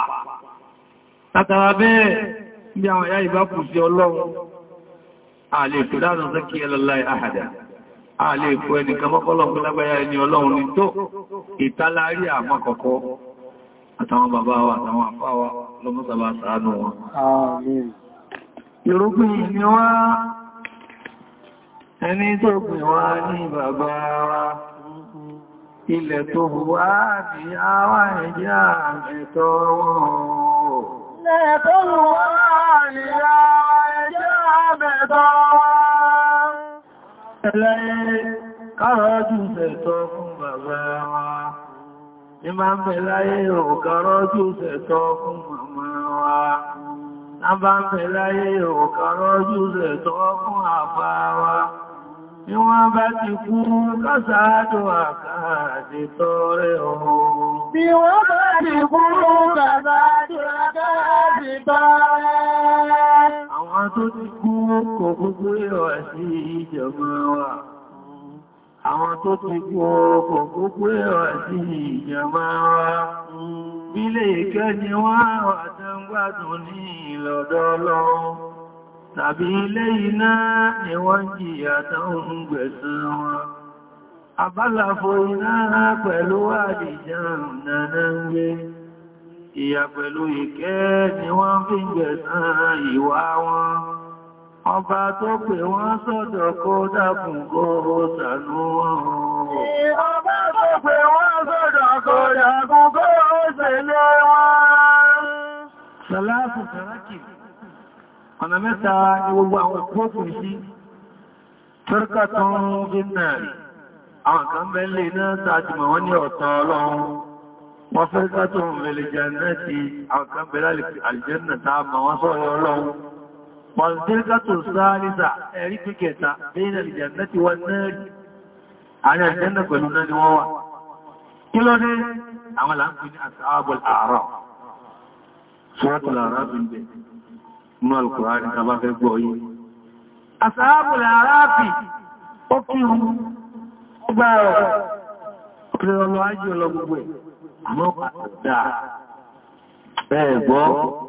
látara bẹ́ẹ̀ bí àwọn ìyá ìbá kù sí ọlọ́run àlè tó dáadọ́ sẹ́kí ẹlọ́láì àhàdà a lè kó ẹnìkan mọ́kọ́lọ́pù lágbàáyà ẹni ọlọ́run ni tó ìtàlárí àmọ́kọ̀kọ́ àtàwọn bàbá wa àtàwọn àfá wa lọ́mọ́sàbà sàánù wọn. Ìrúgbìn ni wá ẹni tó gbìn wá ní bàbá wa, ilẹ̀ tó wá wá ní àwà ìyá ẹlẹ́yẹ kárọ́jú sẹ̀tọ́ fún bàbá wa ní máa ń bẹ̀láyé òkàrọ́jú sẹ̀tọ́ fún màmá wa ní bá ń bẹ̀láyé òkàrọ́jú sẹ̀tọ́ fún àbá wa ní wọ́n bá ti kú kásàádọ́ àkáàdì tọrẹ ọ̀hún bí kò gbogbo ẹwà sí ìjọba wa àwọn tó ti kò gbogbo ẹwà sí ìjọba wa bílé ìkẹ́ ni wọ́n wà tán ní ìlọ̀dọ̀ ọlọ́run iná pẹ̀lú àdìjàn nànà ń gbé ìyà pẹ̀lú ìkẹ́ ni wọ́n fi gbẹ̀san ìwà wọn Ọba tó pè wọ́n sọ́dọ̀ kó dákùn kó ṣàánú wọn. Ọba tó pè wọ́n sọ́dọ̀ kó dákùn kó ṣèlé wọn. Ṣàlásù Tàrákì, ọ̀nà mẹ́ta ni gbogbo àwọn òkú sí, Tọ́rkà tó ń rí náà, àwọn kan bẹ́lẹ̀ náà tàjùmọ̀ wọ́n ní ọ̀tọ̀ ọlọ́run. والفرقة الثالثة أريد كيتا بين الجنة والنار على الجنة كلنا نواوا كلنا عمل عمكن أصحاب الأعراف سورة الأعراف من القرآن كما في البعي أصحاب الأعراف أكيهم أبارو أكيهم الله عجي الله بوي أمو أدى أبو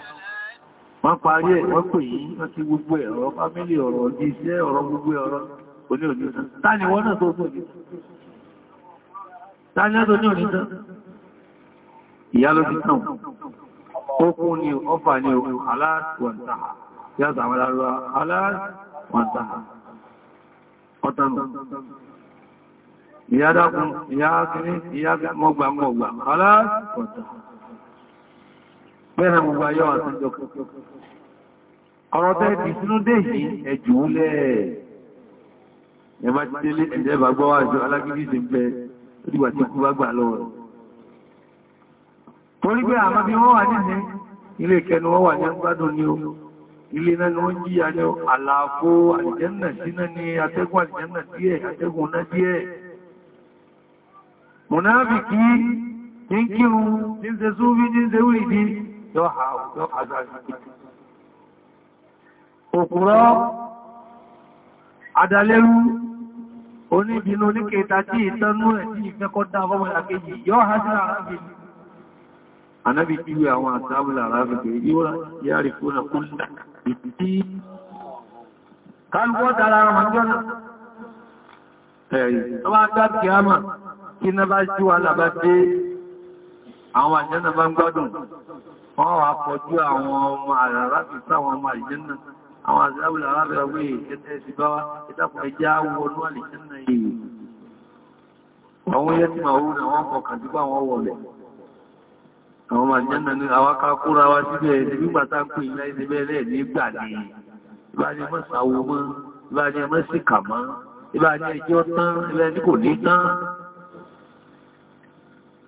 wọ́n parí ẹ̀ wọ́n pè yí wọ́n ti gbogbo ẹ̀rọ fámílì ọ̀rọ̀ ọdí iṣẹ́ ọ̀rọ̀ gbogbo ẹ̀rọ oní onítàn tàní wọ́n náà tó tó ní onítàn ìyá ló ti tàn okun ni ọfà ni okun aláàtùwàntàhà yàtà àwọn ará aláàtùwàntàhà ọ̀tànà ìyá dákun ìyá kìíní ìyá mọ́gbàmọ́gbà aláàtùwàntàhà bẹ́ẹ̀rẹ̀ gbogbo ayọ́ àtijọ́ ọ̀rọ̀ tẹ́ẹ̀dì sínú dé yìí ẹjù lẹ́ ẹ̀má ti délé ẹ̀jẹ́bà gbọ́wà jọ alágídí ti bẹ ìdíwà tí kú bá gbà lọ́wọ́ torí pé àmá bí wọ́n wà nínú ilé ìkẹnu wọ́n wà ní agbádùn ní o ilé náà ni wọ́n jí ayọ́ àlàáfó àlìjẹ́nà síná ní atẹ́gùn àlìjẹ́nà díẹ̀ atẹ́gùn náà díẹ̀ mùnáfìkì ní kírun ní ṣe súnfí ní ṣe wùrìdí yóò ha yóò ha sáàrí òkúrọ́ adalẹ́rú oníbinú oníkẹta tí ìtọ́nú ẹ̀ tí ìfẹ́kọ́ dá ọmọ ìlàkejì yóò ha sí àrábìnrin anábi jíwé àwọn àtàbùlà arábìnrin yóò yárí fún ọkùnlẹ̀ ìtí kálùkọ́ dára ọmọdé wọ́n wà pọ̀jú àwọn ọmọ àràrábì sáwọn ọmọ àlìjẹ́nà àwọn àzáwìlà arábẹ̀ ọgbé ìjẹ́tẹ́ ìsìbáwá ìtàkùn ẹjẹ́ àwọ̀lú àlìjẹ́nà yìí àwọn yẹ́tí màá wúrẹ̀ wọ́n kọkàn tí bá wọ́n wọlẹ̀ àwọn àjẹ́nà ní àwákà kúra wá síbẹ̀ ẹ̀dẹ̀ nígbà tá kú ìlà ìdíbẹ̀ lẹ́ẹ̀ nígbà ní ìbájẹ́ mọ́sàwọ́ mọ́ ìbájẹ́ mọ́sìkà mọ́ ìbájẹ́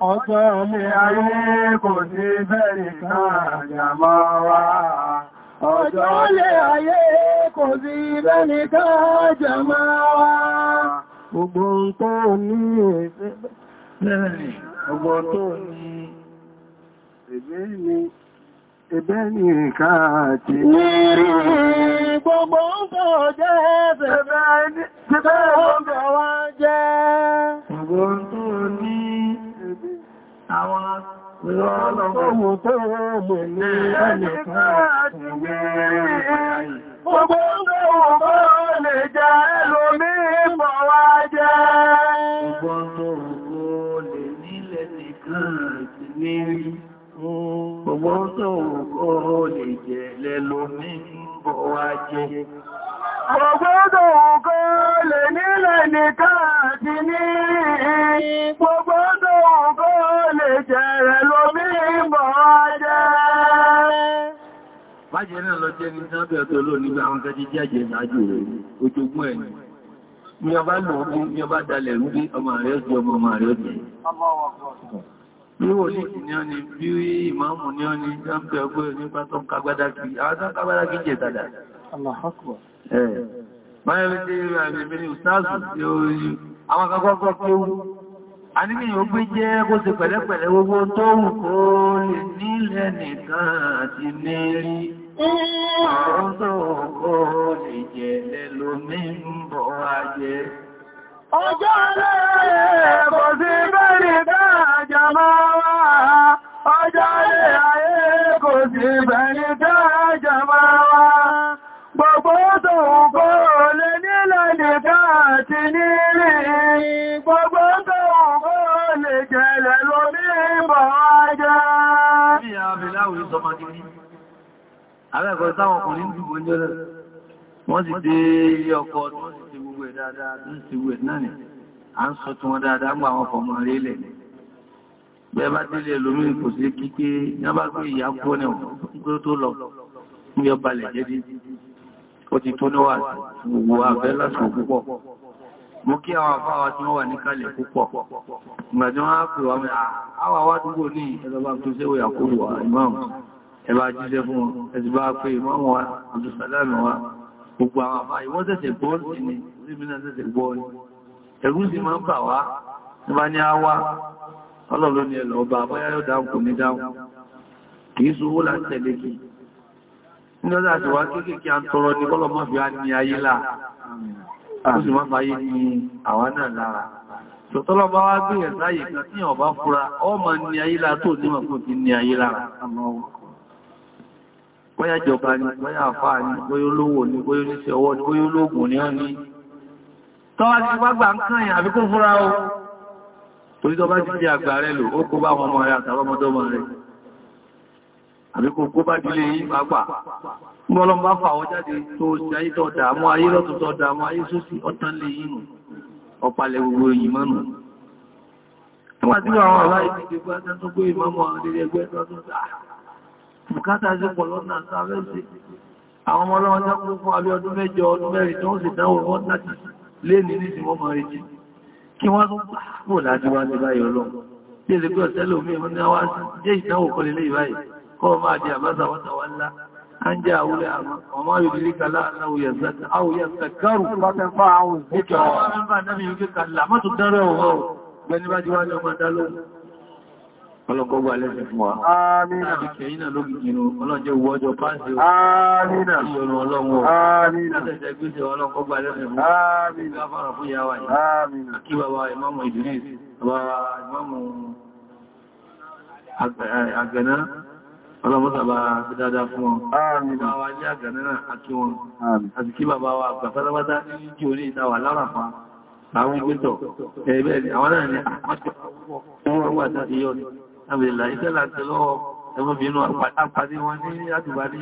Ọjọ́ ilé ayé kò sí bẹ́ẹ̀ kan àjàmọ́ wa. Ọjọ́ ilé ayé kò sí bẹ́ẹ̀ kan àjàmọ́ wa. Gbogbo tó ní ẹ̀ṣẹ́ ni ẹ̀bẹ́ ni ẹ̀ká àti nírí gbogbo tó jẹ́ ẹ̀bẹ́ ni ẹ̀bẹ́ ọgbọ̀ wa jẹ́ gbogbo tó ní àwọn ìrọ̀lọ́gbọ̀n tó lè ní ẹnìkan àti mẹ́rin. Gbogbo ọmọ bó lè jẹ́ ẹlòmí bọ̀ wá jẹ́. Gbogbo ọmọ bó lè nílẹ̀ nìkan àti mẹ́rin. Gbogbo jẹ́ ní sábẹ̀ ọ̀tọ̀ olóò nígbà àwọn kan ti jẹ́ àjẹ́ ìrìnàjò rẹ̀ ojogún ẹ̀ ni. Mi ọba lọ bí mi ọba dalẹ̀ ń bí ọmọ rẹ̀ ọdí ọmọ ọmọ rẹ̀ ọdí. Bí wò ní ìsìn ní ọ ni, bí ìmáàmù ní ọ ni, sábẹ̀ ọgbẹ́ nípa tó ń kagbádá kí, àwọn tó ń kagbádá kí jẹ́ tàdà. Báyọ̀ tí ìrìn àmì mi ni Ustazu tí ó rí, àwọn akọ́kọ́ Ọjọ́ alẹ́ bọ̀ sí bẹ́rì dáa jàmáwá, ọjọ́ alẹ́ ayé kò sí bẹ́rì dáa àbẹ́ẹ̀kọ́ táwọn ọkùnrin dìbò ní ọ̀rẹ́ wọ́n ti dé ilé ọkọ̀ wọ́n ti ti gbogbo ẹ̀ dáadáa tó ń ti gbogbo ẹ̀ náà nì à ń sọ tí wọ́n dáadáa ń gbà wọn fọmọ rí ilẹ̀ ni bẹ́ẹ̀ bá délé lómi kò sí kí pé yá bá gbé ìyá kú ọ̀nà ìgbó tó lọ ń yọ balẹ̀ jẹ́dí ó ti tó níwà gbogbo abẹ́ lásìkò púpọ̀ mo kí àwọn afáwa tí wọ́n wà ní kalẹ̀ púpọ̀ ìgbàjọ́ wọn á pè wá mẹ́ àwọn àwádúgbò ní ẹlọ́bà tó séwò yàkó wà ìmáàmù ẹ̀bá jíṣẹ́ fún wọn ẹ̀sì bá pé ìmọ́mọ̀ wa Abdulsalam wa gbogbo àwọn àbá ìwọ́n tẹ̀sẹ̀ gbọ́ sí ni orímìnà tẹ̀sẹ̀ gbọ́ ni ẹ̀rù sì máa ń bà wá ní bá ní àwá ọlọ́lọ́ ni ẹ̀lọ́ ọba bóyá yóò dáhùn kò ní dáhùn kìí sówó láti tẹ̀lé kí nígbàtà wá kéèkéé à kan tí ọ̀bá fura ọmọ ní ayé là ní mọ̀ ti ní ayé lára bóyá ìjọba ni bóyá àfáà ni bóyá olówó ni bóyá ọwọ́ ni bóyá olóògùn ni wọ́n ni tọ́wà ti wá gbà ń kàn yà àbíkú fúnra o torí tọ́bá ti jẹ́ àgbà rẹ̀ lò ó kó bá wọn mọ̀ rẹ̀ àtàbọ́mọdọ́mọ rẹ̀ àbíkú kó bá dílé yí pàápàá gbọ́lọ́m bá fà wọ́n jáde tó ṣayí tọ́ dàmú ayé lọ́tún tọ́ dàmú ayé sósì ọ̀tán lè yí bùkátà sí pọ̀ lọ́nà sáfẹ́sì àwọn ọmọ ọlọ́wọ́ jẹ́ kó fún abẹ́ ọdún mẹ́jọ ọdún mẹ́rin tó ń sì dánwò wọ́n láti lé ní ní ìwọ́n mọ̀ rèjì kí wọ́n tún pàpò láti wá ní báyìí ọlọ́run bí i pé ọ̀sẹ́ lómi ẹ̀mọ́ ní wá jẹ́ ìdánwò kọ́ lélẹ́ ìbáyìí kọ́ máa di àbáta wọ́ta wá ńlá á ń jẹ́ àwúlẹ̀ àmọ́ yòdìrí kalá aláwòyẹ̀ sàkárù Ọlọ́kọ́gbà lẹ́sìn fún wa. Àmìnà. Ìkẹ̀yìnà ló gìgìrò, ọlọ́jẹ́ owó ọjọ́ pàṣẹ. Àmìnà. Ìyọnu ọlọ́run. Àmìnà. Àtẹ́jẹ́ gbéṣẹ́ ọlọ́kọ́gbà lẹ́sìn fún. Àmìnà. Gáfàrà fún ìyá wa yìí. Àmìnà. Kí bàbá ìmáàmù Ìdírísì, bàbá ìmáàmù àgbẹ̀ná, ọlọ́mọ́ta bá ti dáadáa fún wọn. Àmìnà. Bàbá wa jẹ́ àgbẹ̀ná àti wọn. Àmìnà. Àti kí bàbá wa àgbàfẹ́lẹ́wátá ní jí orí ìdáwà láràfà àwọn ìgbẹ́tọ̀. Ẹ̀bẹ́ ni àwọn náà ni àwọn àti ọwọ́ àti yọ́ ni àbìlà iṣẹ́ láti lọ́wọ́ ẹmọ́bìnú àpàdé wọn ní àdùbà ní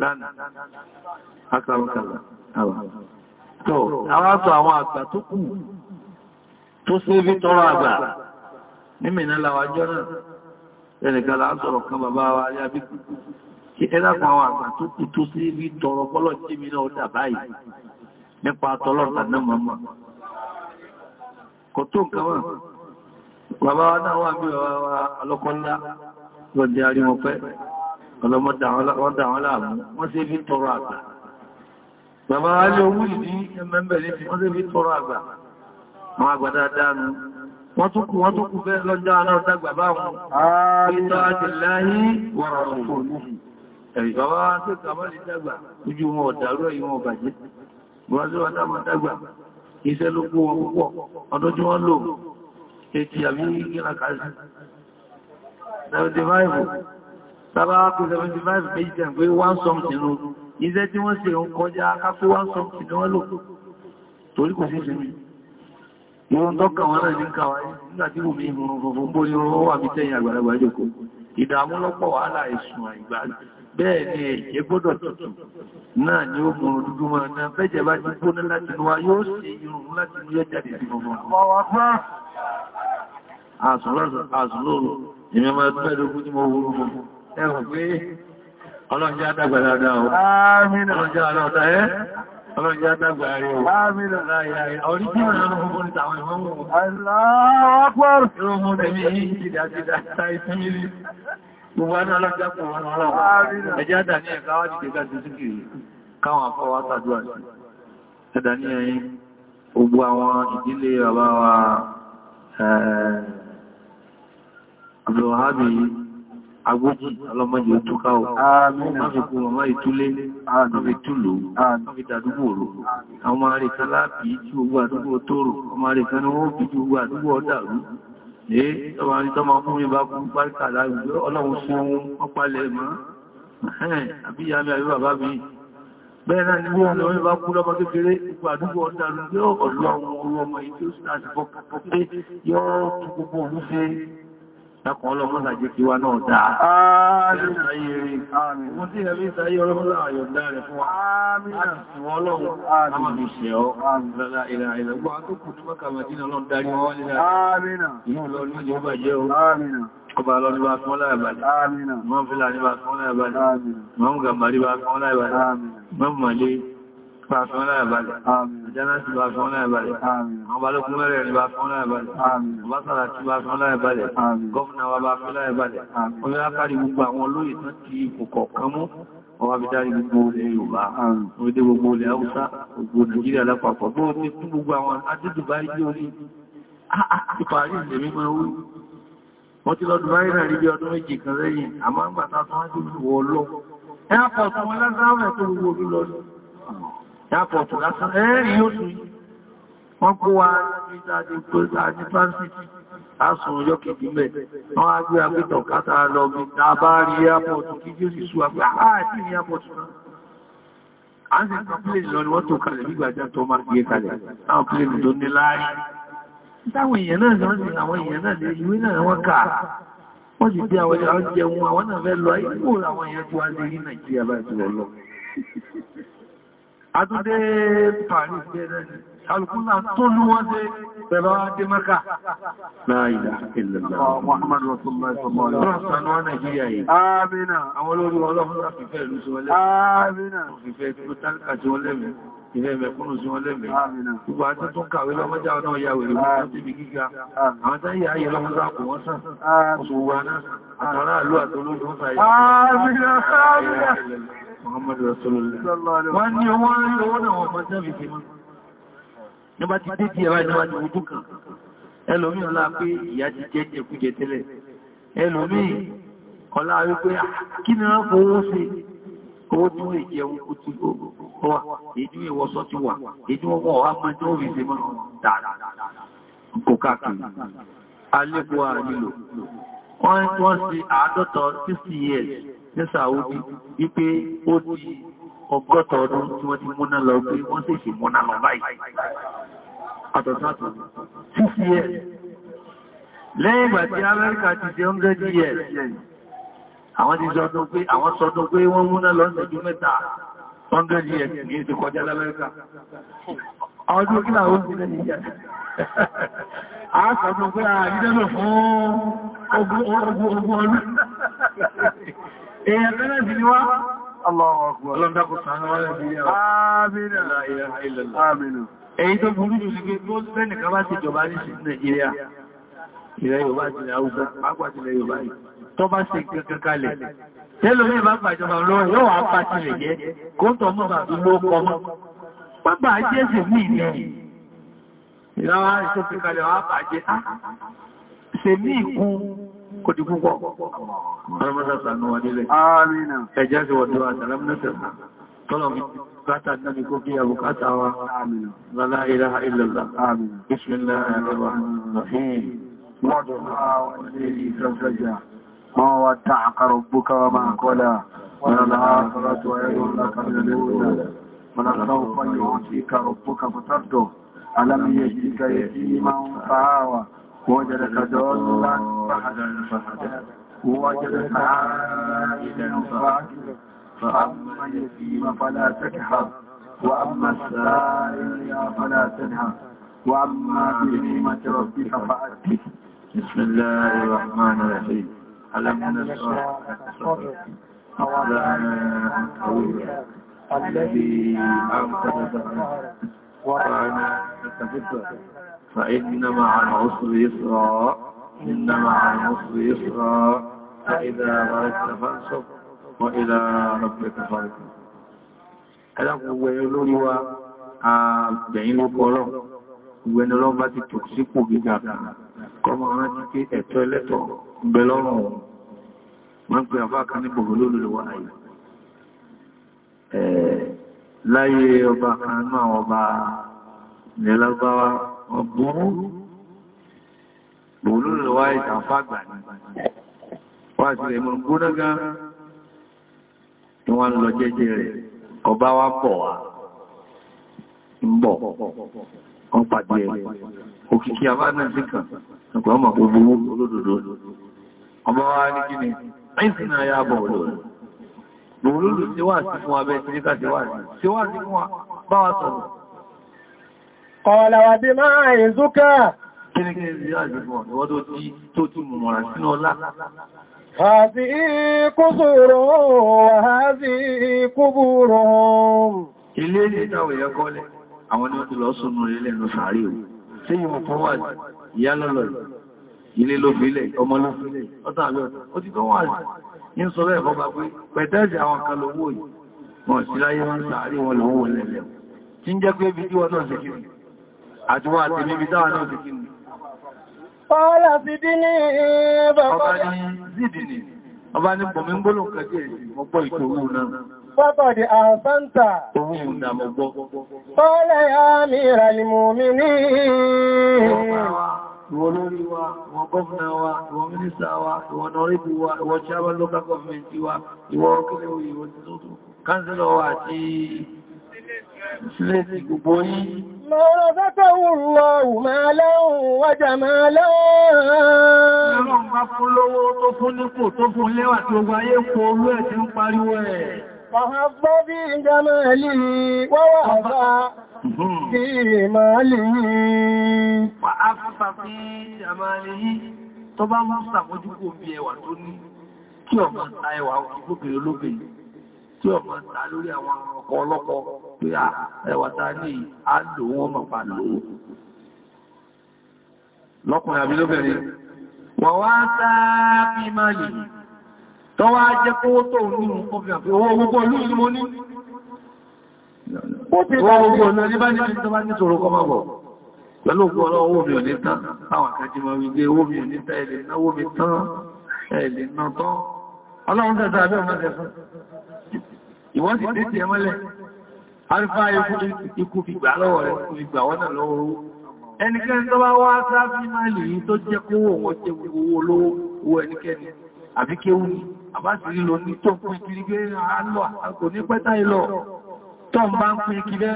lánàá akàrùkàrà tó àwọn àtọ̀ àwọn àgbà tó kù tó sí ibi tọrọ àgbà ní mìíràn láwàjọ́ náà ẹnìkan láàtọ̀rọ̀ kan bàbá wa yá bí kí ẹlápọ̀ àwọn àgbà tó kù tó sí bàbá wa náà bí ọwá lọ di arímọ̀ wọ́n sí àgbà bàbá ní àgbà kù wọ́n kù fẹ́ lọ́jọ́ àjìláyí ẹ̀rì bàbá tó lè ojú wọn ọ̀dàrú ẹ̀yìn wọn bàjẹ́ tó ètì àbí ìrìnàkàrí 75 sábà kú 75 méjì tẹ̀ pé 1 something ló iṣẹ́ tí wọ́n ṣe ń kọjá kápé 1 something ni wọ́n lò torí kò sí ìsinmi ìwọ̀n tọ́kà wọn náà ní kàwàí nígbàtí wù mí ìmúrun fòfò ń bórí owó wà mí tẹ́yìn àgbàlagbà jòkó ìdààmú lọ́pọ̀ wàhálà ẹ̀sùn àìgbà bẹ́ẹ̀ ni ẹ̀jẹ̀ gbọ́dọ̀ tutù náà ni ó mọ̀rún dúdú máa náà fẹ́jẹ̀ bá ti gbóná láti wá yóò ṣe irun láti mú yẹ́ jáde sí fọ́fọ́ àṣùlóòrò ìmẹ́ máa tẹ́lẹ̀ ogun tí mo wúrú mọ́ ẹ̀rùn pé ọlọ́njẹ́ adágbà dáadáa o ọlọ́njẹ́ aláọ̀ta ẹ́ ọlọ́njẹ́ adágbà rẹ̀ o ọ̀rí tí wọ́n rán fún ní tàwọn ìmọ́ mọ́ aláwọ̀pọ̀rọ̀ ìrọ̀mọ́ tẹ̀mí yìí ti dá ti dá ta ìsinmi Gbogbo adá alájá kò wọn ọlọ́run. Ẹjá dà ní ẹ̀ká wájú kẹta Abdulwahabi agbójì ọlọ́mọdé òtúká ọ̀. Máfikú ọmọ ìtúlé, ààbí túlò, ààbí dàdúgbò rò. Àwọn arìkan láàbí tí gbogbo àdúgbò tóòrò, ọmọ arìkan ni wọ́n bí gbogbo àdúgbò ọ̀dàrú. Èé, tọ́wà ní tọ́mọ fún mi bá kún pálíkà láàrùn ọlọ́run fún ọpálẹ̀ mọ́. Àbíyá mi àbí bàbá mi, bẹ́ẹ̀rẹ̀ ni wọ́n lọ wọ́n bá kú lọ́mọ kékeré ipò àdúgbò ọ̀dàrú yóò ọ̀lọ́ àwọn ọmọ ìjọ́ Dákùn ọlọ́mọ́sà jẹ́ kí wá náà dáa. Ààrùn ayé rí. Ààrùn. Mo tí ẹ̀lú ìsáyé ọlọ́mọ́sà àyọ̀dá rẹ̀ fún wa. Ààrùn. Láti fún ọlọ́run. Ààrùn. Àmà bí ṣẹ̀ ọ́. Ààrùn. Lára ìlànà ìlànà. Gbọ́ àtúkù ní mọ́kà Màdínà lọ́n darí wọn wá nílá. Ààrùn. Ìyún lọ ní ìjọ bàjẹ́ o. Ààrùn. Ọba lọ ní bá fún ọlá ìbàdí. Ààrùn. Mọ́ fílà ní bá fún ọlá ìbàdí. Ààrùn. Mọ́ Bàfúnlá ìbàlẹ̀, Jẹ́nàtì bàfúnlá ìbàlẹ̀, Ọbalókún mẹ́rẹ̀ rí bàfúnlá ìbàlẹ̀, Ọbásàrà tí bàfúnlá ìbàlẹ̀, Gọ́fúnà wa bàfúnlá ìbàlẹ̀, Omi ákàrí gbogbo àwọn olóyè tán ti ipò kọ̀ọ̀kan mú, ọwá bí dárí gbogbo olè Yorùbá, orílẹ̀ gbogbo olè Haúsá, gbogbo Nàìjíríà lápapọ̀, bó ti fún gbogbo àwọn adédùbá ilé orí, ìparí ah, ah, ìlèmí máa wú. Wọ́n ti lọ Dubai náà rí bí ọdún méjì kan lẹ́yìn, àmọ́ ń gbà tá Yápọ̀tù lásán ẹ́rì yóò tún wọ́n kó wa nígbàtí pé àti transit aṣùn ọjọ́ kìí mẹ́. Wọ́n á gbé agbẹ́tọ̀ kátà lọ bí tàbá rí yápọ̀tù kí jí ó ní yápọ̀tù náà. A ń sì kan pílẹ̀ lọ ni wọ́n tó kalẹ̀ nígbàjá tó máa gbé kalẹ̀. Àwọn pílẹ̀ tó ní láàárín. Táwọn èèyàn náà sọ sí àwọn èèyàn náà lè ìwé náà wọ́n kà. Wọ́n sì bí àwọn ẹjẹ́ wọn àwọn náà fẹ́ lọ ayé kúrò àwọn èèyàn tó wá lè rí Nàìjíríà bá ti lọ lọ. Adúdé Paris gẹ́rẹ́ ni, alùkúnlá tó lú wọ́n dé pẹ̀lú adé Mẹ́kà. Láìlá ìlàlá. Muhammad Rasulullah sallallahu alaihi wasallam. Rọ́sàn wọ́n Nàìjíríà yìí. Àmìnà, àwọn Ìfẹ́ mẹ́kúnnù sí wọ́n lẹ́mẹ̀. gbogbo àti tó kàwé lọ́mọ́já ọ̀nà ọ̀yà wèrè wọ́n tó bí gíga. Àwọn táyé ayé lọ́mọ́já kò wọ́n sàn. Oṣù wa náà, àtàrà àlú àtolójú ń sàyẹ̀. Àmìnà, Muhammadu Rasulullah. Wọ́n ní owó rí owó náà wọ́n mọ́ sẹ́fì sí mọ́. Ní bá ti dédé ẹwà ìníwà ti ojú kan. Ẹlòmí ọlá pé ìyá ti jẹ́ jẹkújẹ tẹ́lẹ̀. Ẹlòmí ọlá wípé ah, kí ni wọ́n fowó sí owó tí wọ́n ìjẹun kú ti wà, èdú ìwọ̀sọ́ ti wà, èdú ọwọ́ àmọ́ tí ó rí sí mọ́ kò káàkiri. Alẹ́kùn àrílò. Wọ́n ti àádọ́ta 60 years ní Saudi wípé ó di ọgọ́ta ọdún tí wọ́n ti múná lọ pé wọ́n sì fi múná lọ báyìí àtọ̀sátò 6 years lẹ́yìn ìgbà tí Amẹ́ríkà ti di 100 years àwọn ti sọdún pé àwọn sọdún pé wọ́n múná lọ sí mẹ́ta 100 years ní ti kọjá l'Amẹ́ríkà ọdún kí làwọn ti lẹ́yìn ìyá a sọdún pé àrídẹ́lò fún ogun ọdún èèyàn kan náà sì ni wá Èyí tó burú jù sí pé tó lẹ́nìkan bá ti jọba ní sí Nàìjíríà, ìrẹ́ Yorùbá ti rẹ̀ Haúsá, pàápàtílẹ̀ Yorùbá yìí, tó bá ṣe kankan kalẹ̀. Tẹ́lò ní bá gbàjọba lọ́wọ́ yóò wà pàtílẹ̀ jẹ́, kó tọ́ mọ́ bà tó jẹ́ sì kò di púpọ̀. Ọlọ́mọ́sá sànú wa nílẹ̀. Ẹjẹ́ sí wọ̀dọ́ àtàlámínẹ́sẹ̀ tọ́lọ̀mí bùkátà náà ni kó kí a bùkátà wa. La ilaha illallah. Bismillahir rahmanir rahim. وضحى والليل إذا سجى ما ودعك ربك وما قلى وللآخرة خير لك من الأولى ولسوف يعطيك ربك فترده ألم يجدك يتيما فآوى وجدك ضالا فهدى ووجدك عائلا فعجل فأما اليتيم فلا تكحر وأما السائل فلا تنهر وأما بنعمة ربك فأكد بسم الله الرحمن الرحيم ألم نشرح صدرك الذي أنقذ ظهرك وأنا تفتح فإن مع العسر يسرا إن مع العسر يسرا فإذا غلقت فانصب وإلى ربك فاركب ẹlẹ́kùnwò olórí wa àgbẹ̀yìn lókọ́ ọlọ́run ìwẹ̀ni ọlọ́run bá ti tòkù sípò gíga kọmọ rántí pé ẹ̀tọ́ ẹlẹ́tọ̀ bẹ lọ́rùn wọn wọ́n pè àfá kan ní gbogbo lólùlọ́wọ́ ayé láyé ọba kan náà ọba nílẹ́lágbáwá ọ bòlú rẹ̀ ìtàfàgbà ní wá sí ẹmọ gbónága ni wọ́n lọ jẹ́jẹ́ rẹ̀ ọba wá pọ̀ wá ń bọ̀ wọ́n pàdé ẹ̀ òkìkí sí kan ọmọ gbogbo olódodo ọba wá ní kí ni ẹ̀sìn wa قال وبما أعظك هذه قصور وهذه قبور ilé ìdáwò yẹ kọ́lẹ̀ àwọn ni ó ti lọ súnmù ilẹ̀ ló sàárì ò tí yíò fún wà ìyá lọ́lọ̀ ilé ló fílẹ̀ ọmọ ló fílẹ̀ ọ̀tá àbẹ́ ọ̀tá ó ti tó wà ní sọ bẹ́ẹ̀ fọ́gbà pé pẹ̀tẹ́ẹ̀sì àtúwà àti níbi táwà náà ti kí ni. Ọlá fi dí ní bàbá ní zìdì ni, ọba ní pọ̀mí gbólò kẹjẹ ìgbọ́gbọ́ ìtòrú náà. Fọ́kọ̀dì àṣántà. Owó ìdàmọ̀gbọ́. Ọlá ya mi ìrà ni mò mi ní. Ìwọ lórí wa, ìwọ gọ́fìnà wa, ìwọ mínísà wa, ìwọ nọ̀rẹ́bù wa, ìwọ chairman local government wa, ìwọ kílẹ̀ òyìnbó tí tó tó, kánsílọ̀ wa àti lérí gbogbo yìí. Mọ́rọ̀ sọ́tọ̀ wùlọ máa lẹ́hùn wájà máa lẹ́hùn. Ọlọ́run bá fún lówó tó fún nípò tó fún lẹ́wà tí ó gbáyé kó orú ẹ̀ tí ń pariwo hmm. ẹwà tó ní kí ọmọ ta ẹwà òkú tí ọmọ ta lórí àwọn ọkọ̀ ọlọ́kọ̀ pé ẹwàta ní àádò wọn mọ̀ pa lòó lọ́kùnrin àbí lóbìnrin wọ́n wá sáàbí máa lè tọ́ wá jẹ́ kó tó nínú ọfẹ́ àfẹ́ owó gbogbo olú ìlú mo ní owó gbogbo ọ̀nà ní bá ní ṣe tó bá ní ṣòro kọmọ pẹ̀lú òkú ọlọ́ owó mi ò ní tán àwọn àkájí ma wípé owó mi ò ní tán ẹ̀lẹ̀ náwó mi tán ẹ̀lẹ̀ náà tán ọlọ́run tẹ́ta abẹ́ ọmọ tẹ́fún ìwọ́n sì dé tiẹ̀ mọ́lẹ̀ alifá ikú fi gbà lọ́wọ́ rẹ̀ fi gbà wọ́n náà lọ́wọ́ ẹnikẹ́ni tó bá wá sáfí máìlì yìí tó jẹ́ kówó wọ́n jẹ́ owó olówó owó ẹnikẹ́ni àbí kéwú ni àbáṣìí lọ ní tó pín kiri gbé àkò ní pẹ́tà ìlọ tó ń bá ń pín kiri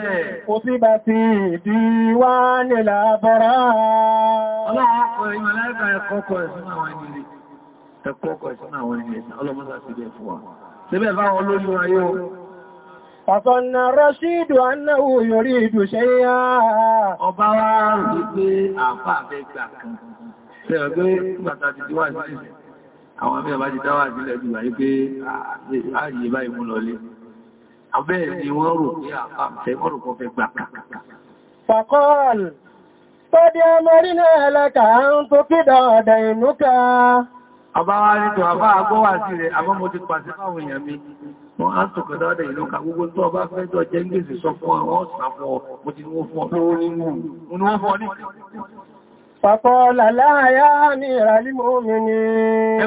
ẹ̀ síbẹ̀ báwọn olórí wọn yóò Fàtọ́nà Rọ́ṣídù annáwò yorí ìdù ṣe yá. Ọba wá rí pé àpá àfẹ́ gbà kan. Ṣé ọgbé pàtàkì tí wà sílẹ̀? Àwọn abẹ́ bá sílẹ̀ jù wáyé pé ààyè báyìí mú lọlé. Abẹ́ ni wọ́n rò pé àpá àfẹ́ mọ́rùn kan fẹ́ gbà kan. Fàkọ́ọ̀lù, ọba wá ní tó àbá agbọ́wà sí rẹ̀ àmọ́ mo ti pàṣẹ fáwọn èèyàn mi wọ́n á tó kọ̀dá ọ̀dẹ̀ ìlú ka tó ọba fẹ́ tó jẹ́ ń gbèsè sọ fún àwọn ọ̀sán wọ́n fún ọ ní wọ́n fún ọ ní Pàpọ̀ làláyá ni. Ẹ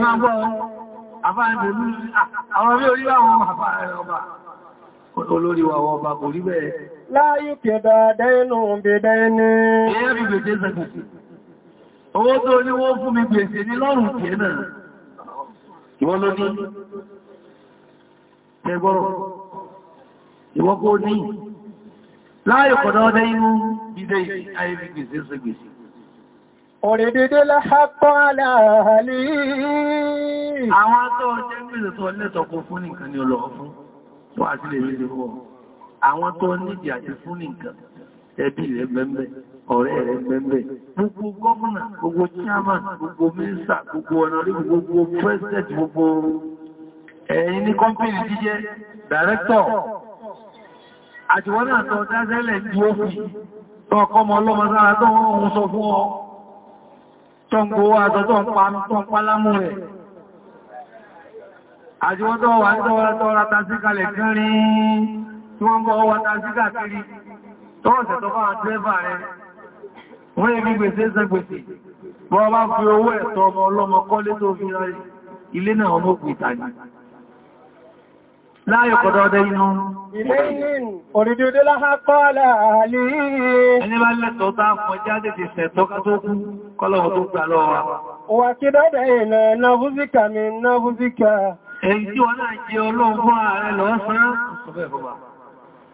máa gbọ́ àbá ìbòmí àwọn orí wọ́n bá kò rí bẹ́ẹ̀. Láyé kẹta dẹ́nu ìwọ́n ló ní tẹgbọ́rọ̀ ìwọ́n kó ní láàyè kọ̀dọ̀ ọdẹ inú ìdẹ ayébí gbèsè ṣe gbèsè ọ̀rẹ́ dédé láhápọ̀ aláàlì àwọn tó jẹ́ gbèsè tó lẹ́tọ̀kọ́ fún nìkan ni ọlọ́ fún tó àti lè rí àwọn tó nídìí àti fún nìkan ẹbí rẹ̀ mẹ́mẹ́ ọ̀rẹ́ rẹ̀ pẹ́m̀bẹ̀. Gbogbo gọ́ọ̀nà, gbogbo chairman, gbogbo mínísà, gbogbo ọ̀nà orí gbogbo president, gbogbo ẹ̀yin ní kọ́mpìnì jíjẹ́, director, àjìwọ́nà àtọ̀ dáṣẹ́lẹ̀ tí ó fi tọ́ọ̀kọ́ ọmọ ọlọ́mọ sára tó wọ́n ohun sọ fún ọ tó ń gbówó àtọ́ tó ń pa tó ń pa lámú rẹ̀ àjìwọ́n tó wọ́n yẹ gbígbèsè sẹ́gbèsè bọ́ bá fi owó ẹ̀tọ́ ọmọ ọlọ́mọ kọ́lé tó fi rẹ̀ ilé náà ọmọ òkú ìtàní láyé kọ̀dọ̀ ọdẹ inú ẹni bá lẹ́tọ̀ọ́ tá fún jáde ti sẹ̀tọ́ ká tó kú kọ́lọ̀wọ̀ tó mi náà fúzíkà èyí tí wọ́n náà jẹ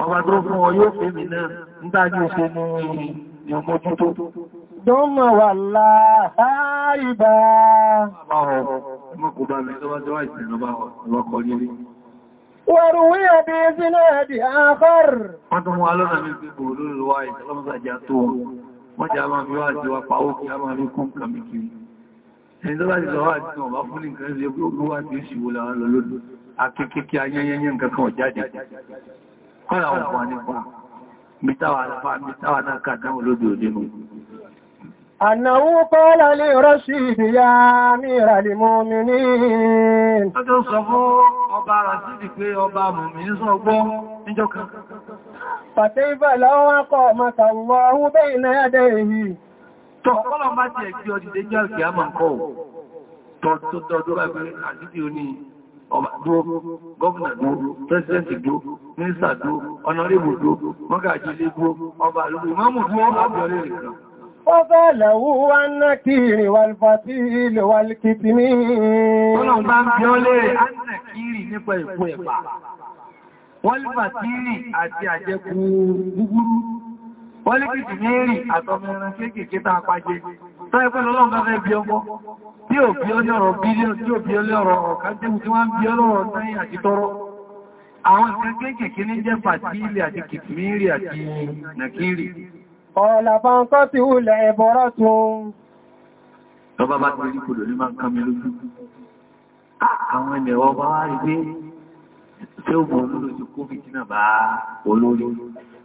ọba tó fún ọ yóò fẹ́ mi náà nígbàjú ṣe ní ìmójútó dọ́mọ̀ wà láàáìbá Wàrùwí àbí sínú ẹ̀dì àkọ́r. Wọ́n tún wọ́n alọ́nà ní pípò lórí wá ìtọ́lọ́mọ́sà jà tó wọn. Wọ́n jà máa fi wá àti wá pàó kí a máa rí kún kàmì kiri. Ẹni tó bá ti lọ́wọ́ àti ọ̀bá fún ní nǹkan ṣe nǹkan kan jáde kọ́lá ọ̀pọ̀ nípa mítàwà àlàfà kọ́lá lè rọ́ṣì ìyá mìíràn lè mọ́ mi ní. Ọjọ́ sọ fún ọba Ràṣídì pé ọba mùmí sọ gbọ́ níjọ́ kan. Fàtífà lọ́wọ́ akọ̀ màtà wọ́n bẹ́ẹ̀ náà yádẹ́ èyí. Tọ́ ọ̀pọ̀lọ̀ ọba dúró gọ́ọ̀nà dúró pẹ́sẹ̀ntì dúró mínísà dúró ọ̀nàrébù dúró mọ́gàjílé dúró ọba àlúgbò mọ́mù dúró àbúrẹ́ rẹ̀ Ó fẹ́ lẹ̀wú kiri wà lùfàtí ilẹ̀ wà lùkìtì ní. Ọlọ́run bá ń bí ó lè ánà kiri nípa ìpò ẹ̀pà. Wọ́n lùfàtí àti àjẹkù gúgúrú. Wọ́n lùkìtì ní èrì àtọmọ̀ràn kéèkèé tá apájẹ́ tó ẹgbẹ́ lọ́lọ́run bá fẹ́ bí ọmọ tí ò bí ọlọ́rọ̀ bílíọ̀n tí ò bí ọlọ́rọ̀ ọ̀ká jẹ́mù tí wọ́n ń bí ọlọ́rọ̀ náà àti tọ́rọ àwọn ìpínlẹ̀ kéèkéé ní jẹ́ pàtílì àti kìtìmírì àti nàkírì ọ̀là fáńkọ́ ti hùlẹ̀ ẹ̀bọ̀rọ̀ tún tọba bá ti rí kòlò ní máa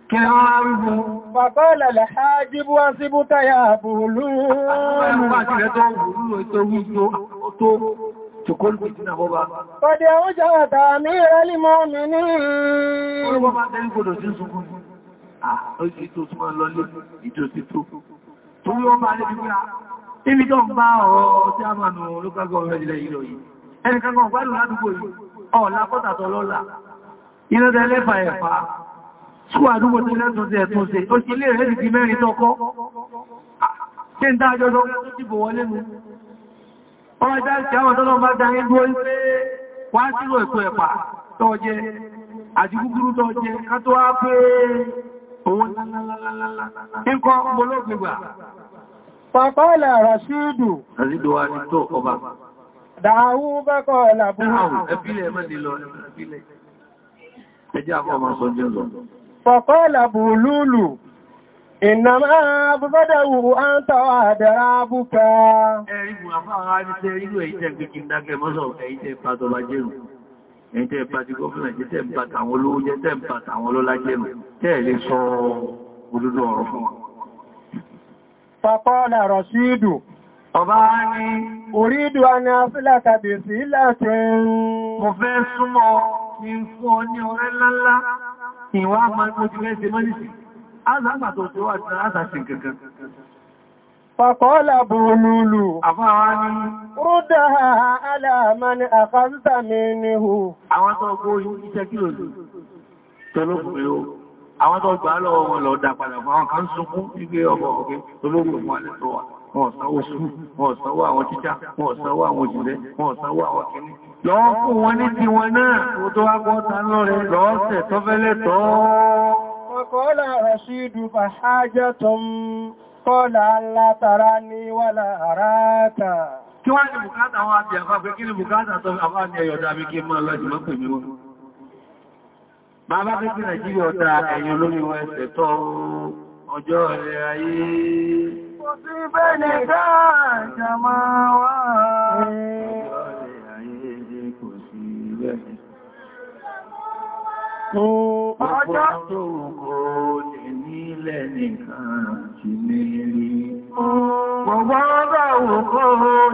Kí ni wọ́n rí bú? Bàbá ìlàlẹ̀ àjíbú wá sí bú táyà bùrú. Bàdé àwọn jàwàtà ní ìrẹ́lì mọ́ mi ní. Wọ́n bá bá tẹ́rí kòdò sí ṣùgbọ́n. Ah, ó sì tó súnmọ́ lọ lé ìjọsí tó. Torí wọ́n bá lé bí i Ibi tó ń bá ọ̀rọ̀ tí a máa nù local government ilẹ̀ ìlò yìí. Ẹnìkan kan gbádùn ládùúgbò yìí, ọ̀lá pọ́tàtọ̀ lọ́la. Iná tẹ́lẹ́fà ẹ̀fà ṣúwà àdúgbò tí lẹ́tún sí ẹ̀tún sí ó sì ilé rẹ̀ ti mẹ́rin tọ́kọ́ ah, tí ń dá àjọ́jọ́ ìbò wọlé mú ọmọ ìdá ìṣẹ́ àwọn tọ́lọ́ bá darí dúó pé wá sílò ètò ẹ̀pà tọ́ jẹ àti gúgúrú tọ́ jẹ ká tó wá pé owó ńkọ́ gbólógbègbà pàpàlà ràṣídù ràṣídù wa ní tó ọba dàáwú bẹ́kọ̀ ẹ̀làbúrú ẹ̀bílẹ̀ mẹ́lẹ̀ lọ ẹ̀bílẹ̀ ẹjẹ́ fọ̀kọ́lá bùlúlù ìnàmà búbọ́dẹ̀wò àǹtà àdàrà búkà ẹ̀rí mú àfáà ní tẹ́ ìlú èyí tẹ́ gbígbí dákẹ́ mọ́sọ̀ èyí tẹ́ pàtọ́lá jẹ́rù èyí tẹ́ pàtí gọ́fìnà jẹ́ tẹ́ pàtàwọn olówó jẹ́ tẹ́ pàtàwọn olólá jẹ́rù tẹ́ lè sọ olúdó ọ̀rọ̀ fún wọn mo fẹ́ súnmọ́ ní fún ọ ní ọrẹ́ lálá ìwà máa mú ti mẹ́sẹ̀ mọ́lìsì, azàgbà tó ti wà ní azàṣì kankan. Fàkọ́lá bùrùlùlù, àfáwá ní, Rúdà aláàmàni àkàntà mi ní hù. Àwọn tó gbó iṣẹ́ kí lò tọ́lógùnmí ó. Àwọn tó gbà lọ́wọ́ wọn lọ dà padà fún àwọn kan sunkún nígbé ọmọ ọ̀gẹ́ tọ́lógùnmí wà lẹ́tọ́ wà. Wọ́n sanwó sùn, wọ́n sanwó àwọn títà, wọ́n sanwó àwọn òṣìṣẹ́, wọ́n sanwó àwọn kìnnì lọ́ọ́ fún wọn ní ti wọn náà tó tó wá gbọ́ta lọ́rẹ lọ́ọ́sẹ̀ tó fẹ́lẹ̀ tọ́ Kọ́lá Rashídù fàhájẹ́ tó ń kọ́lá látara ní wàlá àrákà. Kí wá ní bùkátà wọn àti àfáfẹ́ kí ní bùkátà tó àfá ní ẹyọ̀dá ọjọ́ ẹ̀rẹ̀ ayé. Kò sí bẹ́ẹ̀ ní dáa jàmáwàá. tó ọjọ́ tó kò lè nílẹ̀ nìkan ti mẹ́rí. Gbogbo ọba òkú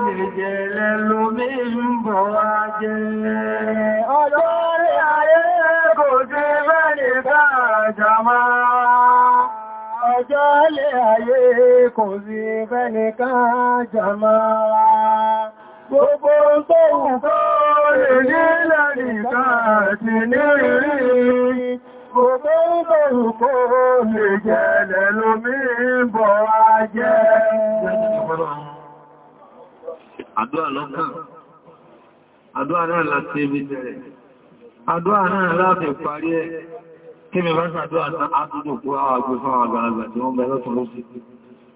lè jẹ́lẹ̀ lómi ń bọ̀ wá jẹ́. Ọjọ́ rí ayé kò sí mẹ́rin bá àjàmá. Ọjọ́ lé ayé kò sí mẹ́rin ká jàmá. Gbogbo tó wù kọ́ lè nílẹ̀ nìkan àti nírí. Gbogbo tó wù kọ́ lè jẹ́lẹ̀ lómi bọ̀ ajẹ́. Àdúrà lọ́kàn, àdúrà náà láti ibi tẹ̀rẹ̀. Àdúrà náà láti parí ẹ, kí mi bá ṣàdúrà àtúndùkú àwọn àgbẹ̀fà àgbàlagbà tí wọ́n bẹ̀rẹ̀ sọ́rọ̀ sí